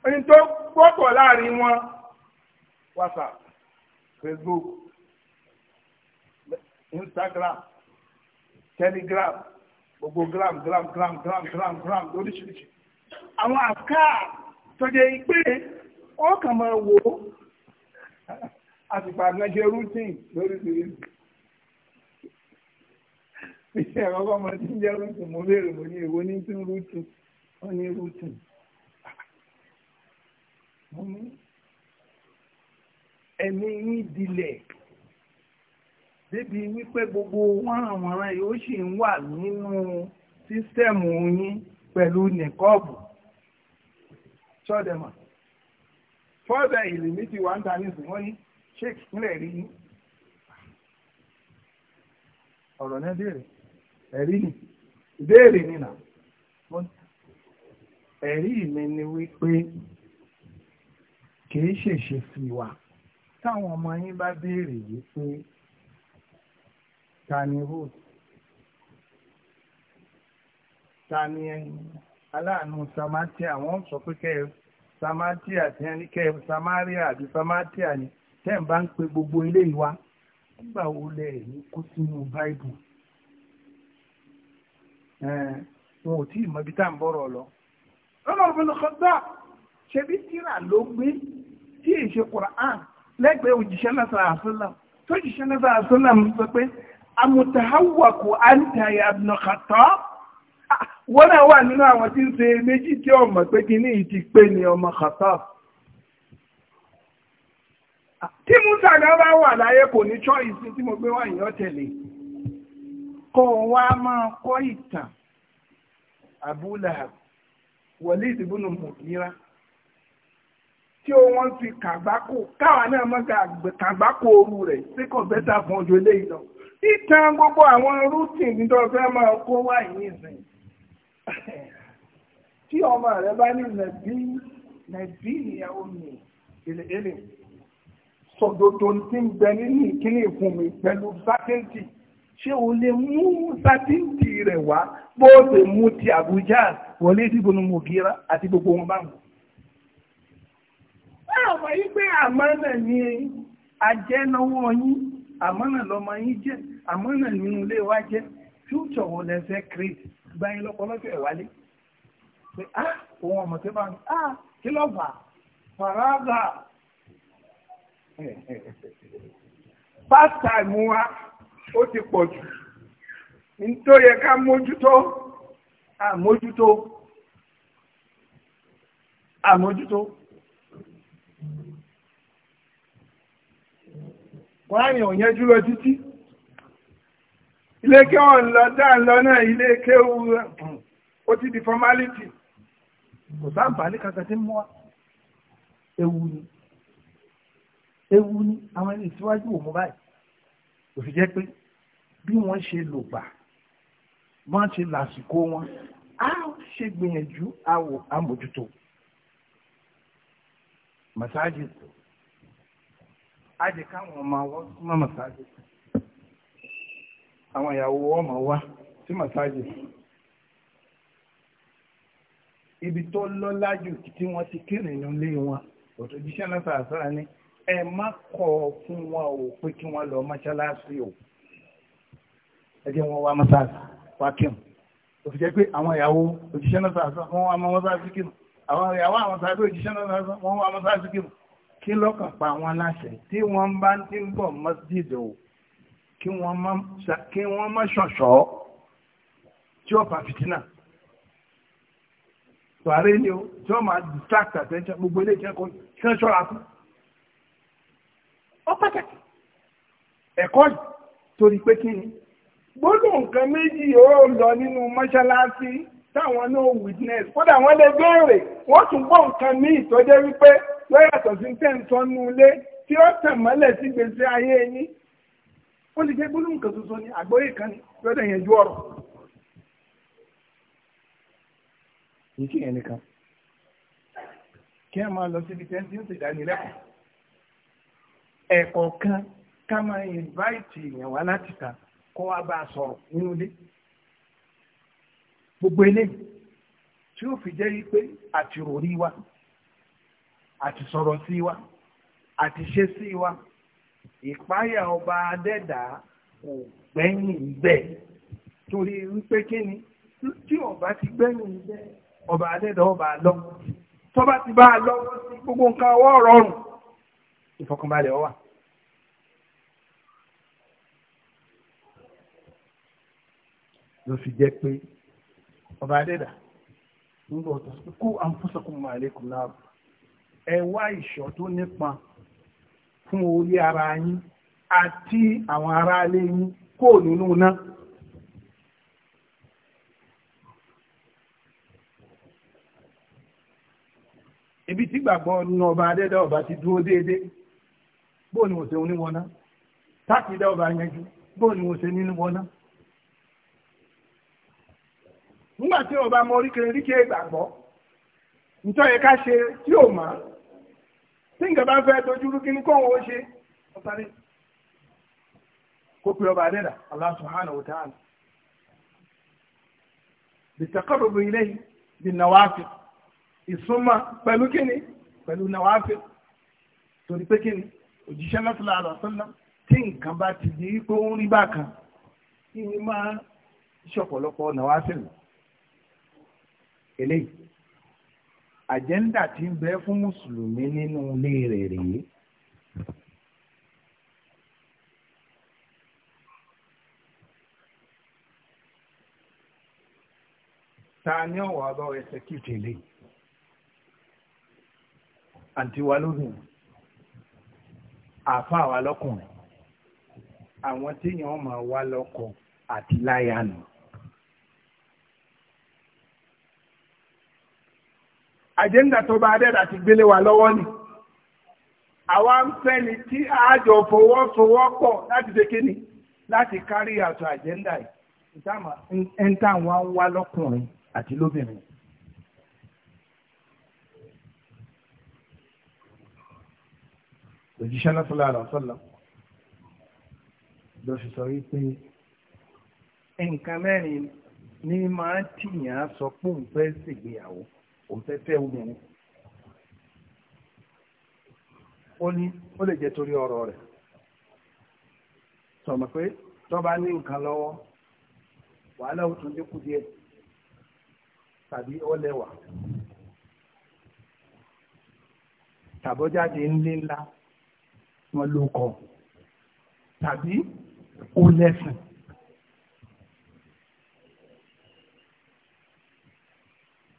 ẹni tó gbọ́pọ̀ láàrin wọn whatsapp facebook instagram telegram gbogbo gram gram gram gram gram gram lóríṣiríṣi àwọn àká tọ́jẹ́ pé ó kàn máa wò ó àtìpà àgbẹ̀jẹ̀ routine lóríṣiríṣi ìṣẹ́ ẹ̀rọ ọmọ tí ń jẹ́ routine mo léèrè mo ní èwo ní tí ń routine. wọ́n ní rútìn wọ́n ẹ̀mí yín débi wípé gbogbo wọn yóò ń wà nínú sísẹ́mù yín pẹ̀lú nìkọ́ọ̀bù ti wà ń ta wọ́n ní sheikh nílẹ̀ rí yín ọ̀rọ̀ náà ẹ̀rí ẹ̀rí mi ni wípé kìí ṣèṣe sí wa táwọn ọmọ yín bá béèrè yìí ta ni hood ta ni aláàánú samatia wọ́n sọ pé kẹ́ samatia tí wọ́n ní kẹ́ samaria àbí samatia ni tẹ́ ń bá ń pe gbogbo ilé ìwà nígbà wo lẹ ní kó sínú báìbù wọn ò tí ì mọ tá à ń lọ. Umar bin Khattab ṣe bí tíra ló gbé tí èyí ṣe Qur'an lẹ́gbẹ̀ẹ́ òjíṣẹ́ náà sọ̀rọ̀ àṣọlá tó jíṣẹ́ náà sọ̀rọ̀ àṣọlá mi sọ pé amutahawaku anta ya ibn Khattab wọ́n náà wà nínú àwọn tí ń ṣe méjì tí ọmọ pé kí ní ìtì pé ni ọmọ Khattab tí Musa náà bá wà láyé kò ní choice tí mo gbé wá ìyọ́ tẹ̀lé kọ́ wa máa kọ́ ìtàn Abu Lahab Walid ibn Mughira tí ó wọ́n fi kàgbákò káwa náà mọ́ kàgbákò ooru rẹ̀ sí kò bẹ́tà fún ojú eléyìí lọ. ìtàn gbogbo àwọn rúùtìn ní tó fẹ́ máa kó wá ìyìn sìn. tí ọmọ rẹ bá ní nàbí nàbí ìyàwó mi èlè èlè sọdodo tí ń bẹ nínú ìkíni ìfún mi pẹ̀lú sátẹ́ǹtì ṣé o lè mú sátìntì rẹ̀ wá bó o ṣe mú ti Àbújá wọlé ìdìbò ní Mùgíra àti gbogbo wọn báwọn. Báwo yí pé àmọ́nà ni ajẹ́náwó yín, àmọ́nà lọ́mọ yín jẹ́, àmọ́nà nínú ilé wa jẹ́, future wọn lẹ fẹ́ create gbáyé lọ́pọ̀lọpọ̀ ẹ̀ wálé. Pé á ah, òun ọmọ tó bá ah, á kí lọ́ fà fàrágà. Past wa ó ti pọ̀ jù tó yẹ ká mójútó àmójútó àmójútó. wọ́n á yàn ò yẹn dúró títí ilé kéwọ́n lọ dáa lọ náà ilé kéwọ́n ó ti di formality kò sáǹfààní kankan tí ń mú wa ewu ni ewu ni àwọn ẹni ìsíwájú òun báyìí pé bí wọ́n ṣe lò gbà wọ́n ṣe lásìkò wọn á ṣe gbìyànjú àwò àmójútó masáàjì tó ajẹ́ káwọn ọmọ wọn súnmọ́ masáàjì tó àwọn ìyàwó wọn máa wá sí masáàjì ibi tó lọ́lá jù tí wọ́n ti kírìn nílé wọn òtòjíṣẹ́ náà sàásàá ni ẹ má kọ̀ fún wọn ò pé kí wọ́n lọ mọ́ṣáláṣí o ẹjẹ́ wọn wá mọ́sáàsì wá kírun òfì jẹ́ pé àwọn ìyàwó òjíṣẹ́ náà sàásán wọ́n wá mọ́sáàsì kírun àwọn ìyàwó àwọn sàásán òjíṣẹ́ náà sàásán wọ́n wá mọ́sáàsì kírun kí lọ́kàn pa àwọn aláṣẹ tí wọ́n bá ti ń bọ̀ mọ́sídìdì o kí wọ́n má ṣọ̀ṣọ́ tí ó pa fìtínà tààrí ni ó tí wọ́n máa distract attention gbogbo ilé ìkẹ́kọ̀ọ́ kí wọ́n ṣọ́ra fún ọ pàtàkì ẹ̀kọ́ torí pé kí ni gbogbo nǹkan méjì yóò lọ nínú mọ́ṣáláṣí táwọn náà witness kódà wọ́n lè béèrè wọ́n tún gbọ́ nǹkan ní ìtọ́jẹ́ wípé wọ́n yàtọ̀ sí ilé tí ó tàn mọ́lẹ̀ sí gbèsè ayé yín ó jẹ́ ní àgbóyè kan ní yẹn ju ọ̀rọ̀. kì í kí kí ẹ máa lọ síbi tẹ́ tí ó ká máa invite kó wá bá a sọ̀rọ̀ nínú ilé gbogbo eléyìí tí ó fi jẹ́ wípé àti ròrí wa àti sọ̀rọ̀ sí wa àti ṣe sí wa ìpáyà ọba adẹ́dà kò gbẹ́yìn bẹ́ẹ̀ torí wípé kí ni tí ọba ti gbẹ́yìn bẹ́ẹ̀ ọba adẹ́dà ọba lọ́wọ́ tọ́ba ti bá a lọ́wọ́ sí gbogbo nǹkan ọwọ́ rọrùn ìfọkànbalẹ̀ ọwà. ló fi jẹ́ pé ọba adẹ́dà ń bọ̀ tó sọ kó àǹfọ̀sọ̀kùn màálẹ́kùn náà ẹ wá ìṣọ́ tó nípọn fún orí ara yín àti àwọn ará ilé yín kó nínú náà. ibi tí gbàgbọ́ nínú ọba adẹ́dà ọba ti dúró déédé bóò ni mo ṣe oníwọ̀n táàkì dá ọba yanjú bóò ni mo ṣe nínú wọn nígbà tí ọba mọ oríkèrè ríkè ìgbàgbọ́ nítorí ká ṣe tí ò mọ̀ tí nǹkan bá fẹ́ dojú rú kí ní kó ó ṣe ọ̀sáré kó pe ọba adẹ́dà Allah subhanahu wa ta'ala bìtẹ́kọ̀rọ̀bù ilé bí nàwáfì ìsúnmọ́ pẹ̀lú kíni pẹ̀lú nàwáfì torí pé kíni òjíṣẹ́ lọ́sọ̀lá àlọ́sọ́lá tí nǹkan bá ti di pé ó ń rí bákan kí ni máa ṣọ̀pọ̀lọpọ̀ nàwáfì lọ eléyìí àjẹ́ndà tí ń bẹ fún mùsùlùmí nínú ilé rẹ̀ rèé ta ni ọ̀wọ́ ọba execute eléyìí àǹtí wa lóbìnrin àáfàá wa lọ́kùnrin àwọn téèyàn máa wá lọ́kọ àti láyà nù. àjẹ́ndà tó bá dẹ́dà ti gbélé wa lọ́wọ́ ni àwa ń fẹ́ ni tí àjọ fọwọ́sowọ́pọ̀ láti ṣe kíni láti kárí àtọ̀ àjẹ́ndà yìí ìtàmà ń tà wá ń wá lọ́kùnrin àti lóbìnrin. òjíṣẹ́ náà sọ́lá àlọ́ sọ́lá lọ sí sọ wípé nǹkan mẹ́rin ni máa ń tìyàn sọ pé òun fẹ́ ṣègbéyàwó òun fẹ́ fẹ́ obìnrin ó ní ó lè jẹ́ torí ọ̀rọ̀ rẹ̀ sọ̀mọ̀ pé tọ́ba ní nǹkan lọ́wọ́ wàhálà ó tún dínkù díẹ̀ tàbí ó lẹ́wà tàbọ́jáde ńlé ńlá wọn ló kọ tàbí ó lẹ́sìn.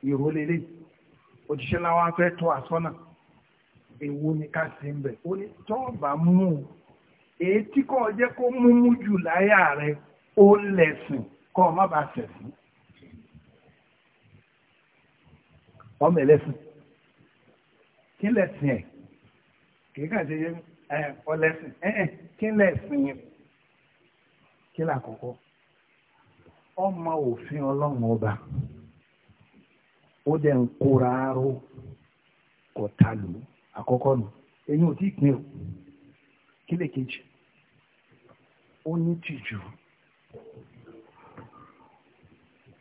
ìrólélé òjíṣẹ́ láwọn fẹ́ tọ́ àsọ́nà èwo ni ká sí ń bẹ̀ ó ní tọ́ọ̀bà mú un èyí tí kò jẹ́ kó múmú jù láyà rẹ ó lẹ̀sìn kọ́ ọ má bàa sẹ̀sìn ọmọ ẹlẹ́sìn kí lẹ̀sìn ẹ̀ kì í kà ṣe ẹ ọlẹ́sìn ẹ ẹ kí lẹ̀sìn yẹn kí làkọ́kọ́ ọmọ òfin ọlọ́run ọba. ó dẹ̀ ń kóra aró kò ta lù ú àkọ́kọ́ nù eyín ò tí ì o kí lè kejì ó ní tìjú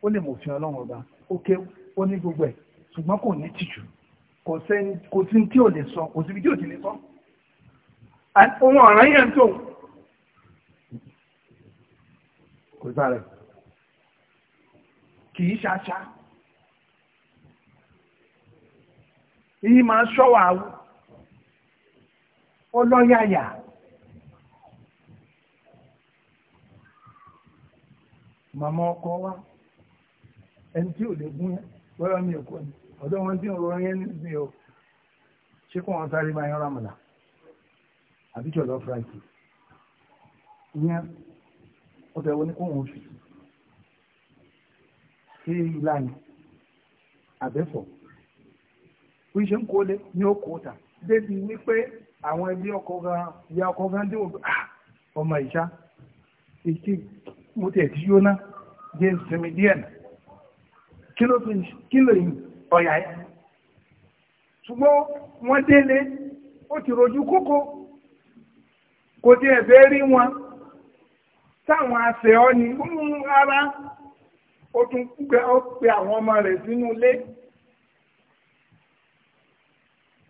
ó lè mọ̀fin ọlọ́run ọba ó kéwú ó ní gbogbo ẹ̀ ṣùgbọ́n kò ní tìjú kò sẹ́ni kò sí tí ò lè sọ kò síbi tí ò ti lè sọ ohun ọ̀ràn yẹn tó kò sáré kì í ṣaṣá. yìí máa ṣọ́wà ọlọ́yàyà màmá ọkọ wa ẹni tí ò lè gún yẹn mi ò kọ́ ni ọ̀dọ́ wọn tí ń rọ yẹn níbi o ṣé kó wọn sáré máa yan ramọ̀là àbí ìyẹn kó wọn fi sí ìlànà àbẹ́fọ̀. bí ṣe ń kó lé ní ó kó tà débi wípé àwọn ẹbí ọkọ gan ìyá ọkọ gan dé òbí ah, ọmọ ìṣá ètí mo tẹ̀ tí yóná jẹ́ ìsinmi díẹ̀ nà kí ló fi kí ló yìn ọ̀yà yẹn ṣùgbọ́n wọ́n délé ó ti rojú kókó kò tí ẹ̀fẹ́ rí wọn táwọn àṣẹ ọ ni ara ó tún pé àwọn ọmọ rẹ̀ sínú ilé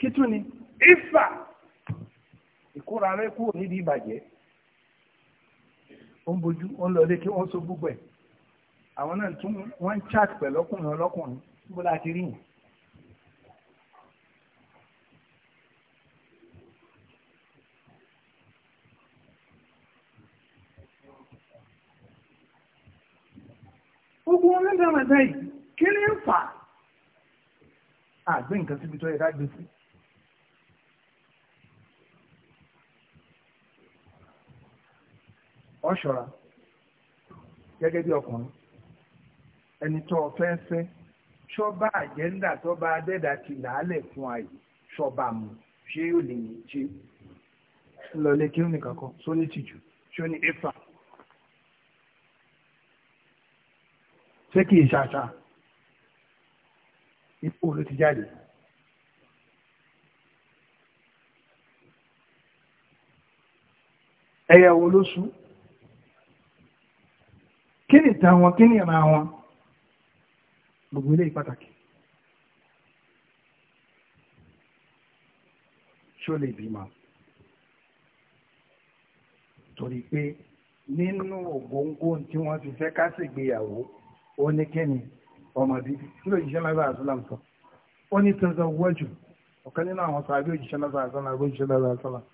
kítú ni ifá ìkóra rẹ kúrò níbi ìbàjẹ́ ó ń bojú ó ń lọlé kí wọ́n so gbogbo ẹ̀ àwọn náà tún wọ́n ń chat pẹ̀lú ọkùnrin ọlọ́kùnrin níbo la rí yìí. gbogbo wọn lẹ́dàá mẹ́ta yìí kí ni ń fà á gbé nǹkan síbi tó yẹ ká gbé sí i. ọ ṣọ́ra gẹ́gẹ́ bí ọkùnrin ẹni tó fẹ́ fẹ́ ṣọ́ba àjẹ́ńdà tọ́ba adẹ́dà ti làálẹ̀ fún ààyè ṣọ́ba mu ṣé yóò lè ní ṣe lọlé kí ní kankan só ní tìjú ṣó ní éfà ṣé kì í ṣàṣà ipò ló ti jáde. ẹyẹ wo ló sùn kí ni ìtàn wọn kí ni ìran wọn gbogbo eléyìí pàtàkì ṣó lè bímọ torí pé nínú ògóńgó tí wọ́n ti fẹ́ ká ṣègbéyàwó ó ní kíni ọmọ bíbí tí òjíṣẹ́ lábẹ́ àṣọlám sọ ó ní tẹ̀sán wọ́jù ọ̀kan nínú àwọn sàbí òjíṣẹ́ lábẹ́ àṣọlám òjíṣẹ́ lábẹ́ àṣọlám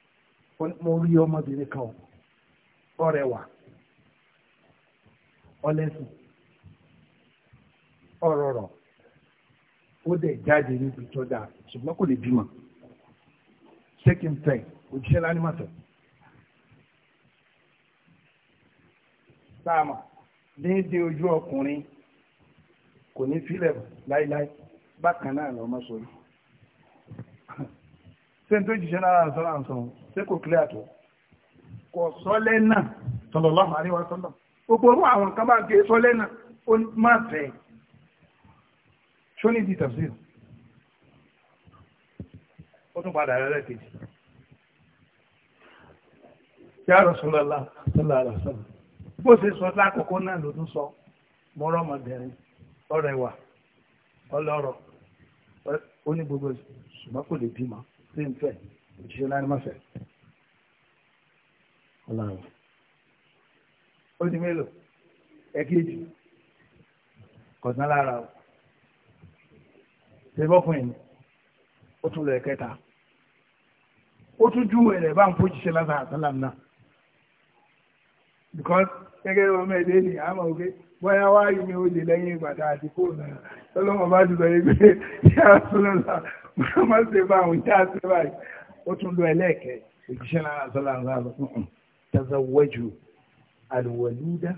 mo rí ọmọbìnrin kan ọ̀rẹ́wà ọlẹ́sìn ọ̀rọ̀ rọ̀ ó dẹ̀ jáde níbi tó dáa ṣùgbọ́n kò lè bímọ second time òjíṣẹ́ lánìmọ̀tọ̀ sáàmà déédéé ojú ọkùnrin kò ní fílẹ̀ láíláí bákan náà lọ́mọ sórí ṣé n tó jíṣẹ́ náà sọ́nà sọ́nà ṣé kò kílẹ̀ àtọ̀ kò sọ́lẹ́ náà sallallahu alaihi wasallam gbogbo orú àwọn kan bá gé sọ lẹ́nà ó má fẹ́ ṣóní dìtà sí ó tún padà rẹ̀ kejì yá Rasulullah sallallahu alaihi wasallam bó ṣe sọ lákòókò náà ló tún sọ mọ́rọ́ ọ̀rọ̀ ẹ̀wà ọlọ́rọ̀ ó ní gbogbo ṣùgbọ́n kò lè bímọ sí ń fẹ́ òṣìṣẹ́ fẹ́ ọlọ́run. ó di mélòó ẹ̀kejì kọ̀ọ̀tàn lára o ṣe bọ́kùnrin ó tún lọ ẹ̀kẹta ó tún ju ẹ̀rẹ̀ bá ń fojìṣẹ́ lásán àtàlám náà because gẹ́gẹ́ bí ọmọ ẹ̀dẹ́ ni àmọ́ òkè bóyá wá yìí ni ó lè lẹ́yìn ìgbàdá àti fóònù ọlọ́mọ bá ti sọ yìí pé yàrá sọlọ́lá mọ́ ṣe bá àwọn yàrá ṣe báyìí ó tún lọ ẹlẹ́ẹ̀kẹ́ òjíṣẹ́ náà sọlá ń rà lọ tẹ́sán wẹ́jù alwaluda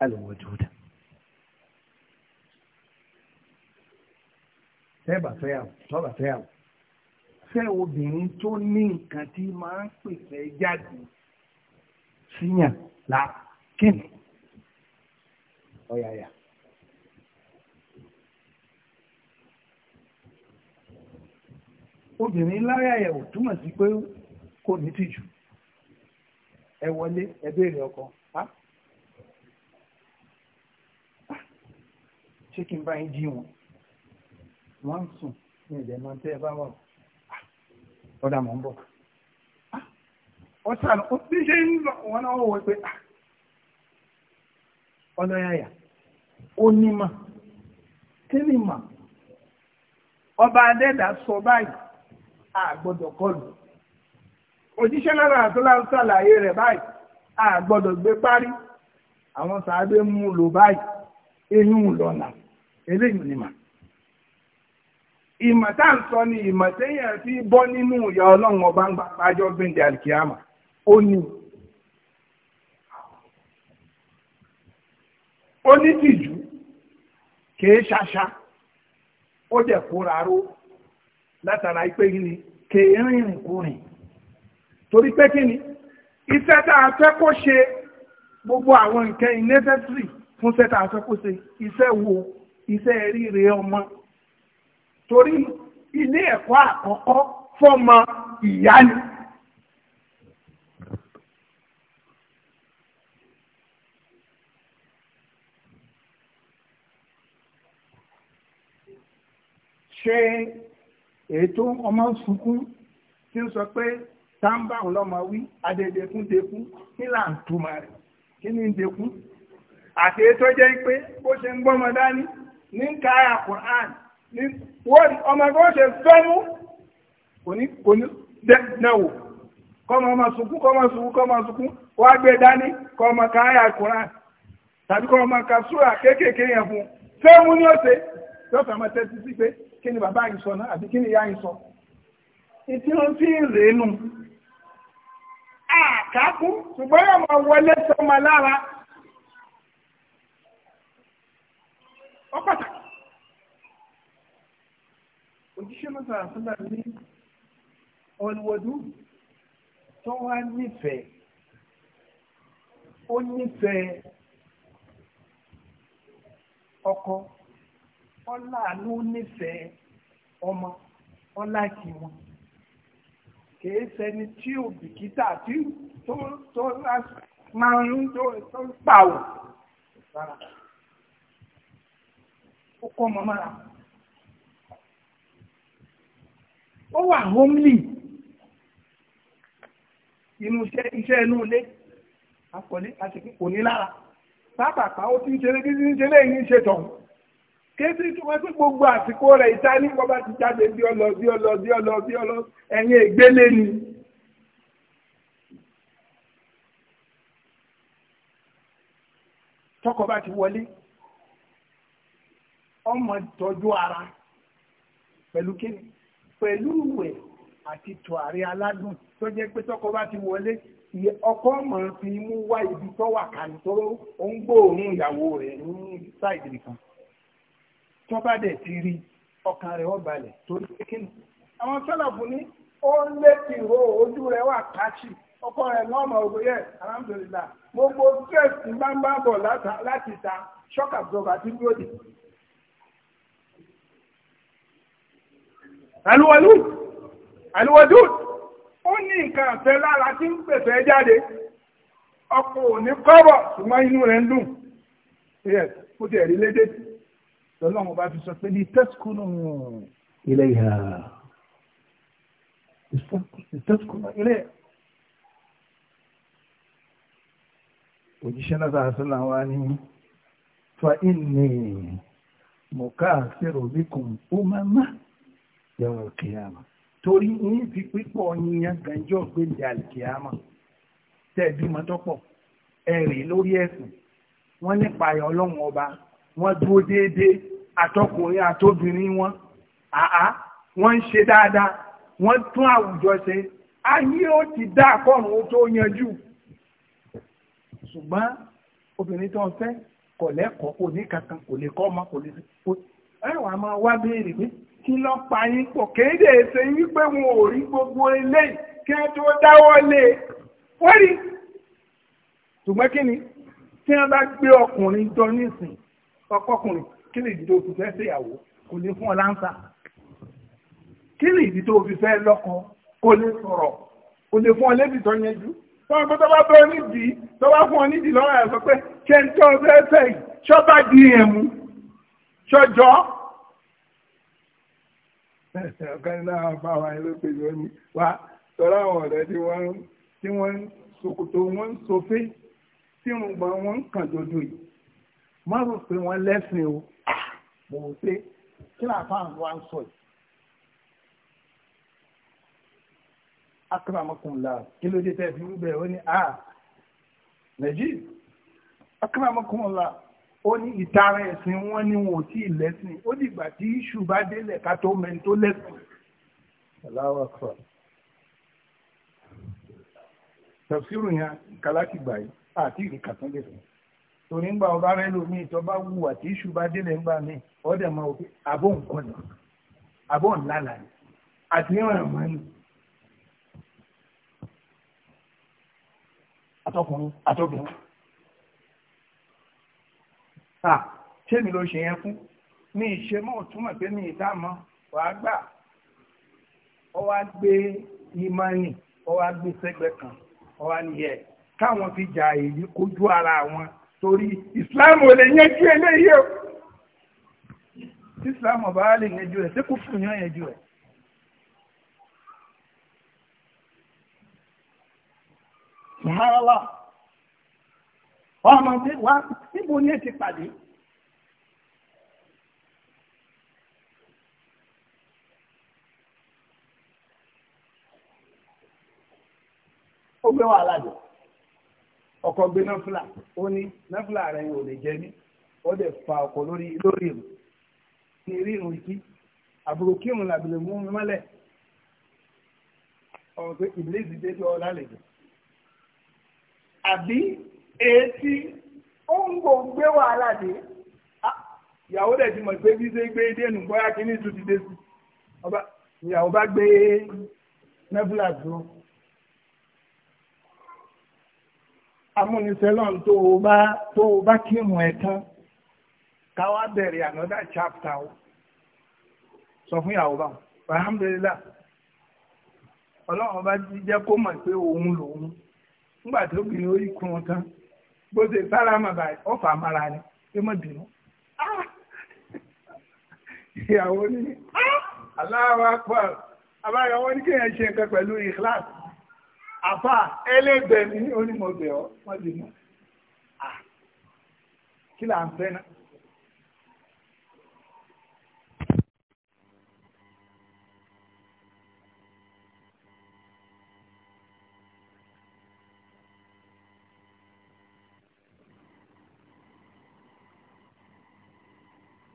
alwajuda tẹ́bà fẹ́yàwó tọ́bà fẹ́yàwó fẹ́ obìnrin tó ní nǹkan tí máa ń pèsè jáde síyàn lára kíni ọ̀yàyà. obìnrin láyàyà ò túmọ̀ sí pé kò ní tìjú ẹ wọlé ọkọ ṣé kí n bá yín jí wọn wọ́n ń sùn ní ìdẹ̀ máa tẹ́ ẹ bá wà ah, ọ̀dà mọ̀ ń bọ̀ ah, ọ sàn ó bí ṣe ń lọ wọn náà wọ pé ah, ọlọ́yàyà ó ní ọba adẹ́dà sọ báyìí àgbọ́dọ̀ kọlù òjíṣẹ́ lára àtúlá ṣàlàyé rẹ̀ báyìí àgbọ́dọ̀ gbé parí àwọn sàábé mú lò báyìí eyín lọ́nà eléyìí ni mà ìmọ̀ tá à ń sọ ni ìmọ̀ téèyàn fi bọ́ nínú ìyá ọlọ́run ọba ń gbà pájọ́ gbẹ̀ǹdẹ̀ àlìkíyàmà ó ní ó ní tìjú kìí ṣaṣa ó jẹ́ kóra ró látara pé kí ni kìí rìnrìn kúrìn torí pé kí ni iṣẹ́ tá a fẹ́ kó ṣe gbogbo àwọn nǹkan necessary fún iṣẹ́ tá a fẹ́ kó ṣe iṣẹ́ wo iṣẹ́ ríre ọmọ torí ilé ẹ̀kọ́ àkọ́kọ́ fọ́mọ ìyá ni. ṣe ètò ọmọ sunkún tí ó sọ pé táǹbà ọlọ́mọ wí adẹ́dẹ́kún dekún kí là ń túmọ̀ rẹ̀ kí ni ń dekún àti ètò jẹ́ pé bó ṣe ń gbọ́mọ dání ní ń ka àyà Quran ní wọ́n ọmọ ẹgbẹ́ ṣe fẹ́mú kò ní kò ní dẹ́gbẹ̀wò kọ́mọ ọmọ sunkún kọ́mọ sunkún kọ́mọ sunkún wọ́n á gbé dání kọ́mọ ka àyà Quran tàbí kọ́mọ ka súrà kéékèèké yẹn fún fẹ́mú ní ọ̀sẹ̀ lọ́sọ̀ tẹ́tí sí pé kí ni bàbá yìí sọ náà àbí kí ni ìyá yìí sọ. ìtí wọn fi ń rèé nù àkàkùn ṣùgbọ́n yóò máa wọlé sọ́mọ lára ọ pàtàkì òjíṣẹ́ mọ́tò àfúnà ní ọlùwọ̀dú tó wá nífẹ̀ẹ́ ó nífẹ̀ẹ́ ọkọ ọláàánú nífẹ̀ẹ́ ọmọ ọláàkì wọn kìí ṣẹni tí ò bìkítà tí tó máa ń pàwọ̀ rárá ó kọ́ ọmọ mára ó wà homely inú iṣẹ́ inú ilé àkọlé àti kò ní lára pápápá ó ti ń ṣeré títí ń ṣeré ní ṣe tọ̀ kéésì tí wọ́n sí gbogbo àsìkò rẹ̀ ìta ní bọ́bá ti jáde bí ọlọ bí ọlọ bí ọlọ bí ọlọ ẹ̀yìn ìgbélé ni. tọkọ bá ti wọlé ọmọ tọ́jú ara pẹ̀lú kíni pẹ̀lú ìwẹ̀ àti tùràrí aládùn tó jẹ́ pé bá ti wọlé ọkọ ọmọ fi mú wá ibi wà kàní tó ó ń gbóòórùn ìyàwó rẹ̀ ní sáìdì nìkan bá dẹ̀ ti rí ọkàn rẹ̀ balẹ̀ kíni àwọn ní ó lé ọkọ rẹ̀ náà mọ̀ ògbó yẹ gbogbo stress ń bá ń bá bọ̀ láti ta alúwọlúd alúwọdúd ó ní nǹkan àfẹ́ lára tí ń pèsè jáde ọkọ̀ ò ní kọ́bọ̀ ṣùgbọ́n inú rẹ̀ ń dùn yes ó ti ẹ̀rí lédè lọ́lọ́run bá fi sọ pé ní tẹ́sùkúnù ilé ìhà tẹ́sùkúnù ilé òjíṣẹ́ náà sàásùnà wa ní fa inni mọ̀ká àṣírò bíkùn ó máa máa lọ́wọ́ kìíyàmà torí ní fi pípọ̀ yíyan gànjọ́ gbèndé àlìkìíyàmà tẹ̀bímọ tọ́pọ̀ ẹ̀rì lórí ẹ̀sìn wọ́n nípa ayọ̀ ọlọ́run ọba wọ́n dúró déédéé àtọkùnrin àtobìnrin wọn àá wọ́n ń ṣe dáadáa wọ́n tún àwùjọ ṣe ayé ó ti dá àkọ́rùn ó tó yanjú ṣùgbọ́n obìnrin tó ń fẹ́ kò lẹ́kọ̀ọ́ kò ní kankan kò lè kọ́ ọmọ kò lè ṣe ẹ wàá máa wá béèrè pé kí lọ́ pa yín pọ̀ kéde ṣe wípé wọn ò rí gbogbo eléyìí kí wọ́n tó dáwọ́ lé e wọ́n rí ṣùgbọ́n kí ni tí wọ́n bá gbé ọkùnrin jọ nísìn ọkọkùnrin kí lè dìde òfin fẹ́ ṣèyàwó kò lè fún ọ láǹfà kí lè dìde òfin fẹ́ lọ́kọ kò lè sọ̀rọ̀ kò lè fún ọ lẹ́bi tó yẹn jù tọ́wọ́n pé tọ́wọ́ bẹ́ẹ̀ nídìí tọ́wọ́ fún ọ nídìí lọ́wọ́ ẹ̀ sọ pé ṣé ń tọ́ ọ fẹ́ fẹ́ yìí ṣọ́ bá ọ̀kan nínú àwọn afá wa ló pè ló ní wá sọ̀rọ̀ àwọn ọ̀rẹ́ tí wọ́n tí wọ́n ń ṣòkòtò wọ́n ń sofé tí ìrùngbọ̀n wọn ń kàn dodo yìí má rò pé wọ́n lẹ́sìn o mò ń ṣe kí làáfà ń wá ń sọ yìí. akramakunla kí ló dé tẹ́ fi rú bẹ́ẹ̀ ó ní a ah, nàìjíríà akramakunla ó ní ìtara ẹ̀sìn wọn ni wọn ò tí ì lẹ́sìn ó dìgbà tí iṣu bá délẹ̀ ká tó mẹ́ni tó lẹ́sìn. tẹ̀síìrù yẹn kàlákì gbà yìí àti ìrìkàtún lè fún torí ń gba ọba rẹ lómi ìtọ́ bá wù àti iṣu bá délẹ̀ ń mí ọ̀dẹ̀ máa wò pé nǹkan nà àbọ̀ ńlá atọkùnrin atọkùnrin à tèmi ló ṣe yẹn fún ní ìṣẹ́mọ́ òtúmọ̀ pé ní ìdámọ́ wàá gbà ọ wá gbé ìmánì ọ wá gbé sẹ́gbẹ́ kan ọ wá nìyẹ káwọn fi jà èyí kojú ara wọn torí islam ò lè yanjú eléyìí o tí islam ọba lè yanjú rẹ̀ sékù fún yàn yanjú rẹ̀. Subhanallah wọ́n mọ̀ pé wá níbo ni ẹ ti pàdé. ó gbé wàhálà jù ọkọ̀ gbé náfìlà ó ní náfìlà rẹ̀ ò lè jẹ mí ó dẹ̀ fa ọkọ̀ lórí lórí ìrù ní rírun ìkí àbúrò kírun làbìlẹ̀ mú mi mọ́lẹ̀ ọ̀rọ̀ pé ìbílẹ̀ ìdíje tó ọ lálejò àbí èyí ó ń gbò gbé wàhálà dé ìyàwó dẹ̀ ti mọ̀ pé bí ṣe gbé dénú bóyá kí ní tuntun dé sí ìyàwó bá gbé nebula dúró amúnisẹ́lọ́n tó o bá tó o bá kírun ẹ̀ tán káwá bẹ̀rẹ̀ another chapter o sọ fún ìyàwó báwọn alhamdulilah ọlọ́run bá jẹ́ kó mọ̀ pé òun lòun nígbà tó gbìyànjú ikú wọn tán bó ṣe sára mà báyìí ọ̀fà mara ni ẹ mọ̀ bínú. ìyàwó ni Allahu Akbar àbáyọ wọn ní kéèyàn ṣe nǹkan pẹ̀lú ìkíláàsì àfà ẹlẹ́gbẹ̀ẹ́ ni onímọ̀gbẹ̀ ọ́ wọ́n bínú. Ah, kí là ń fẹ́ náà.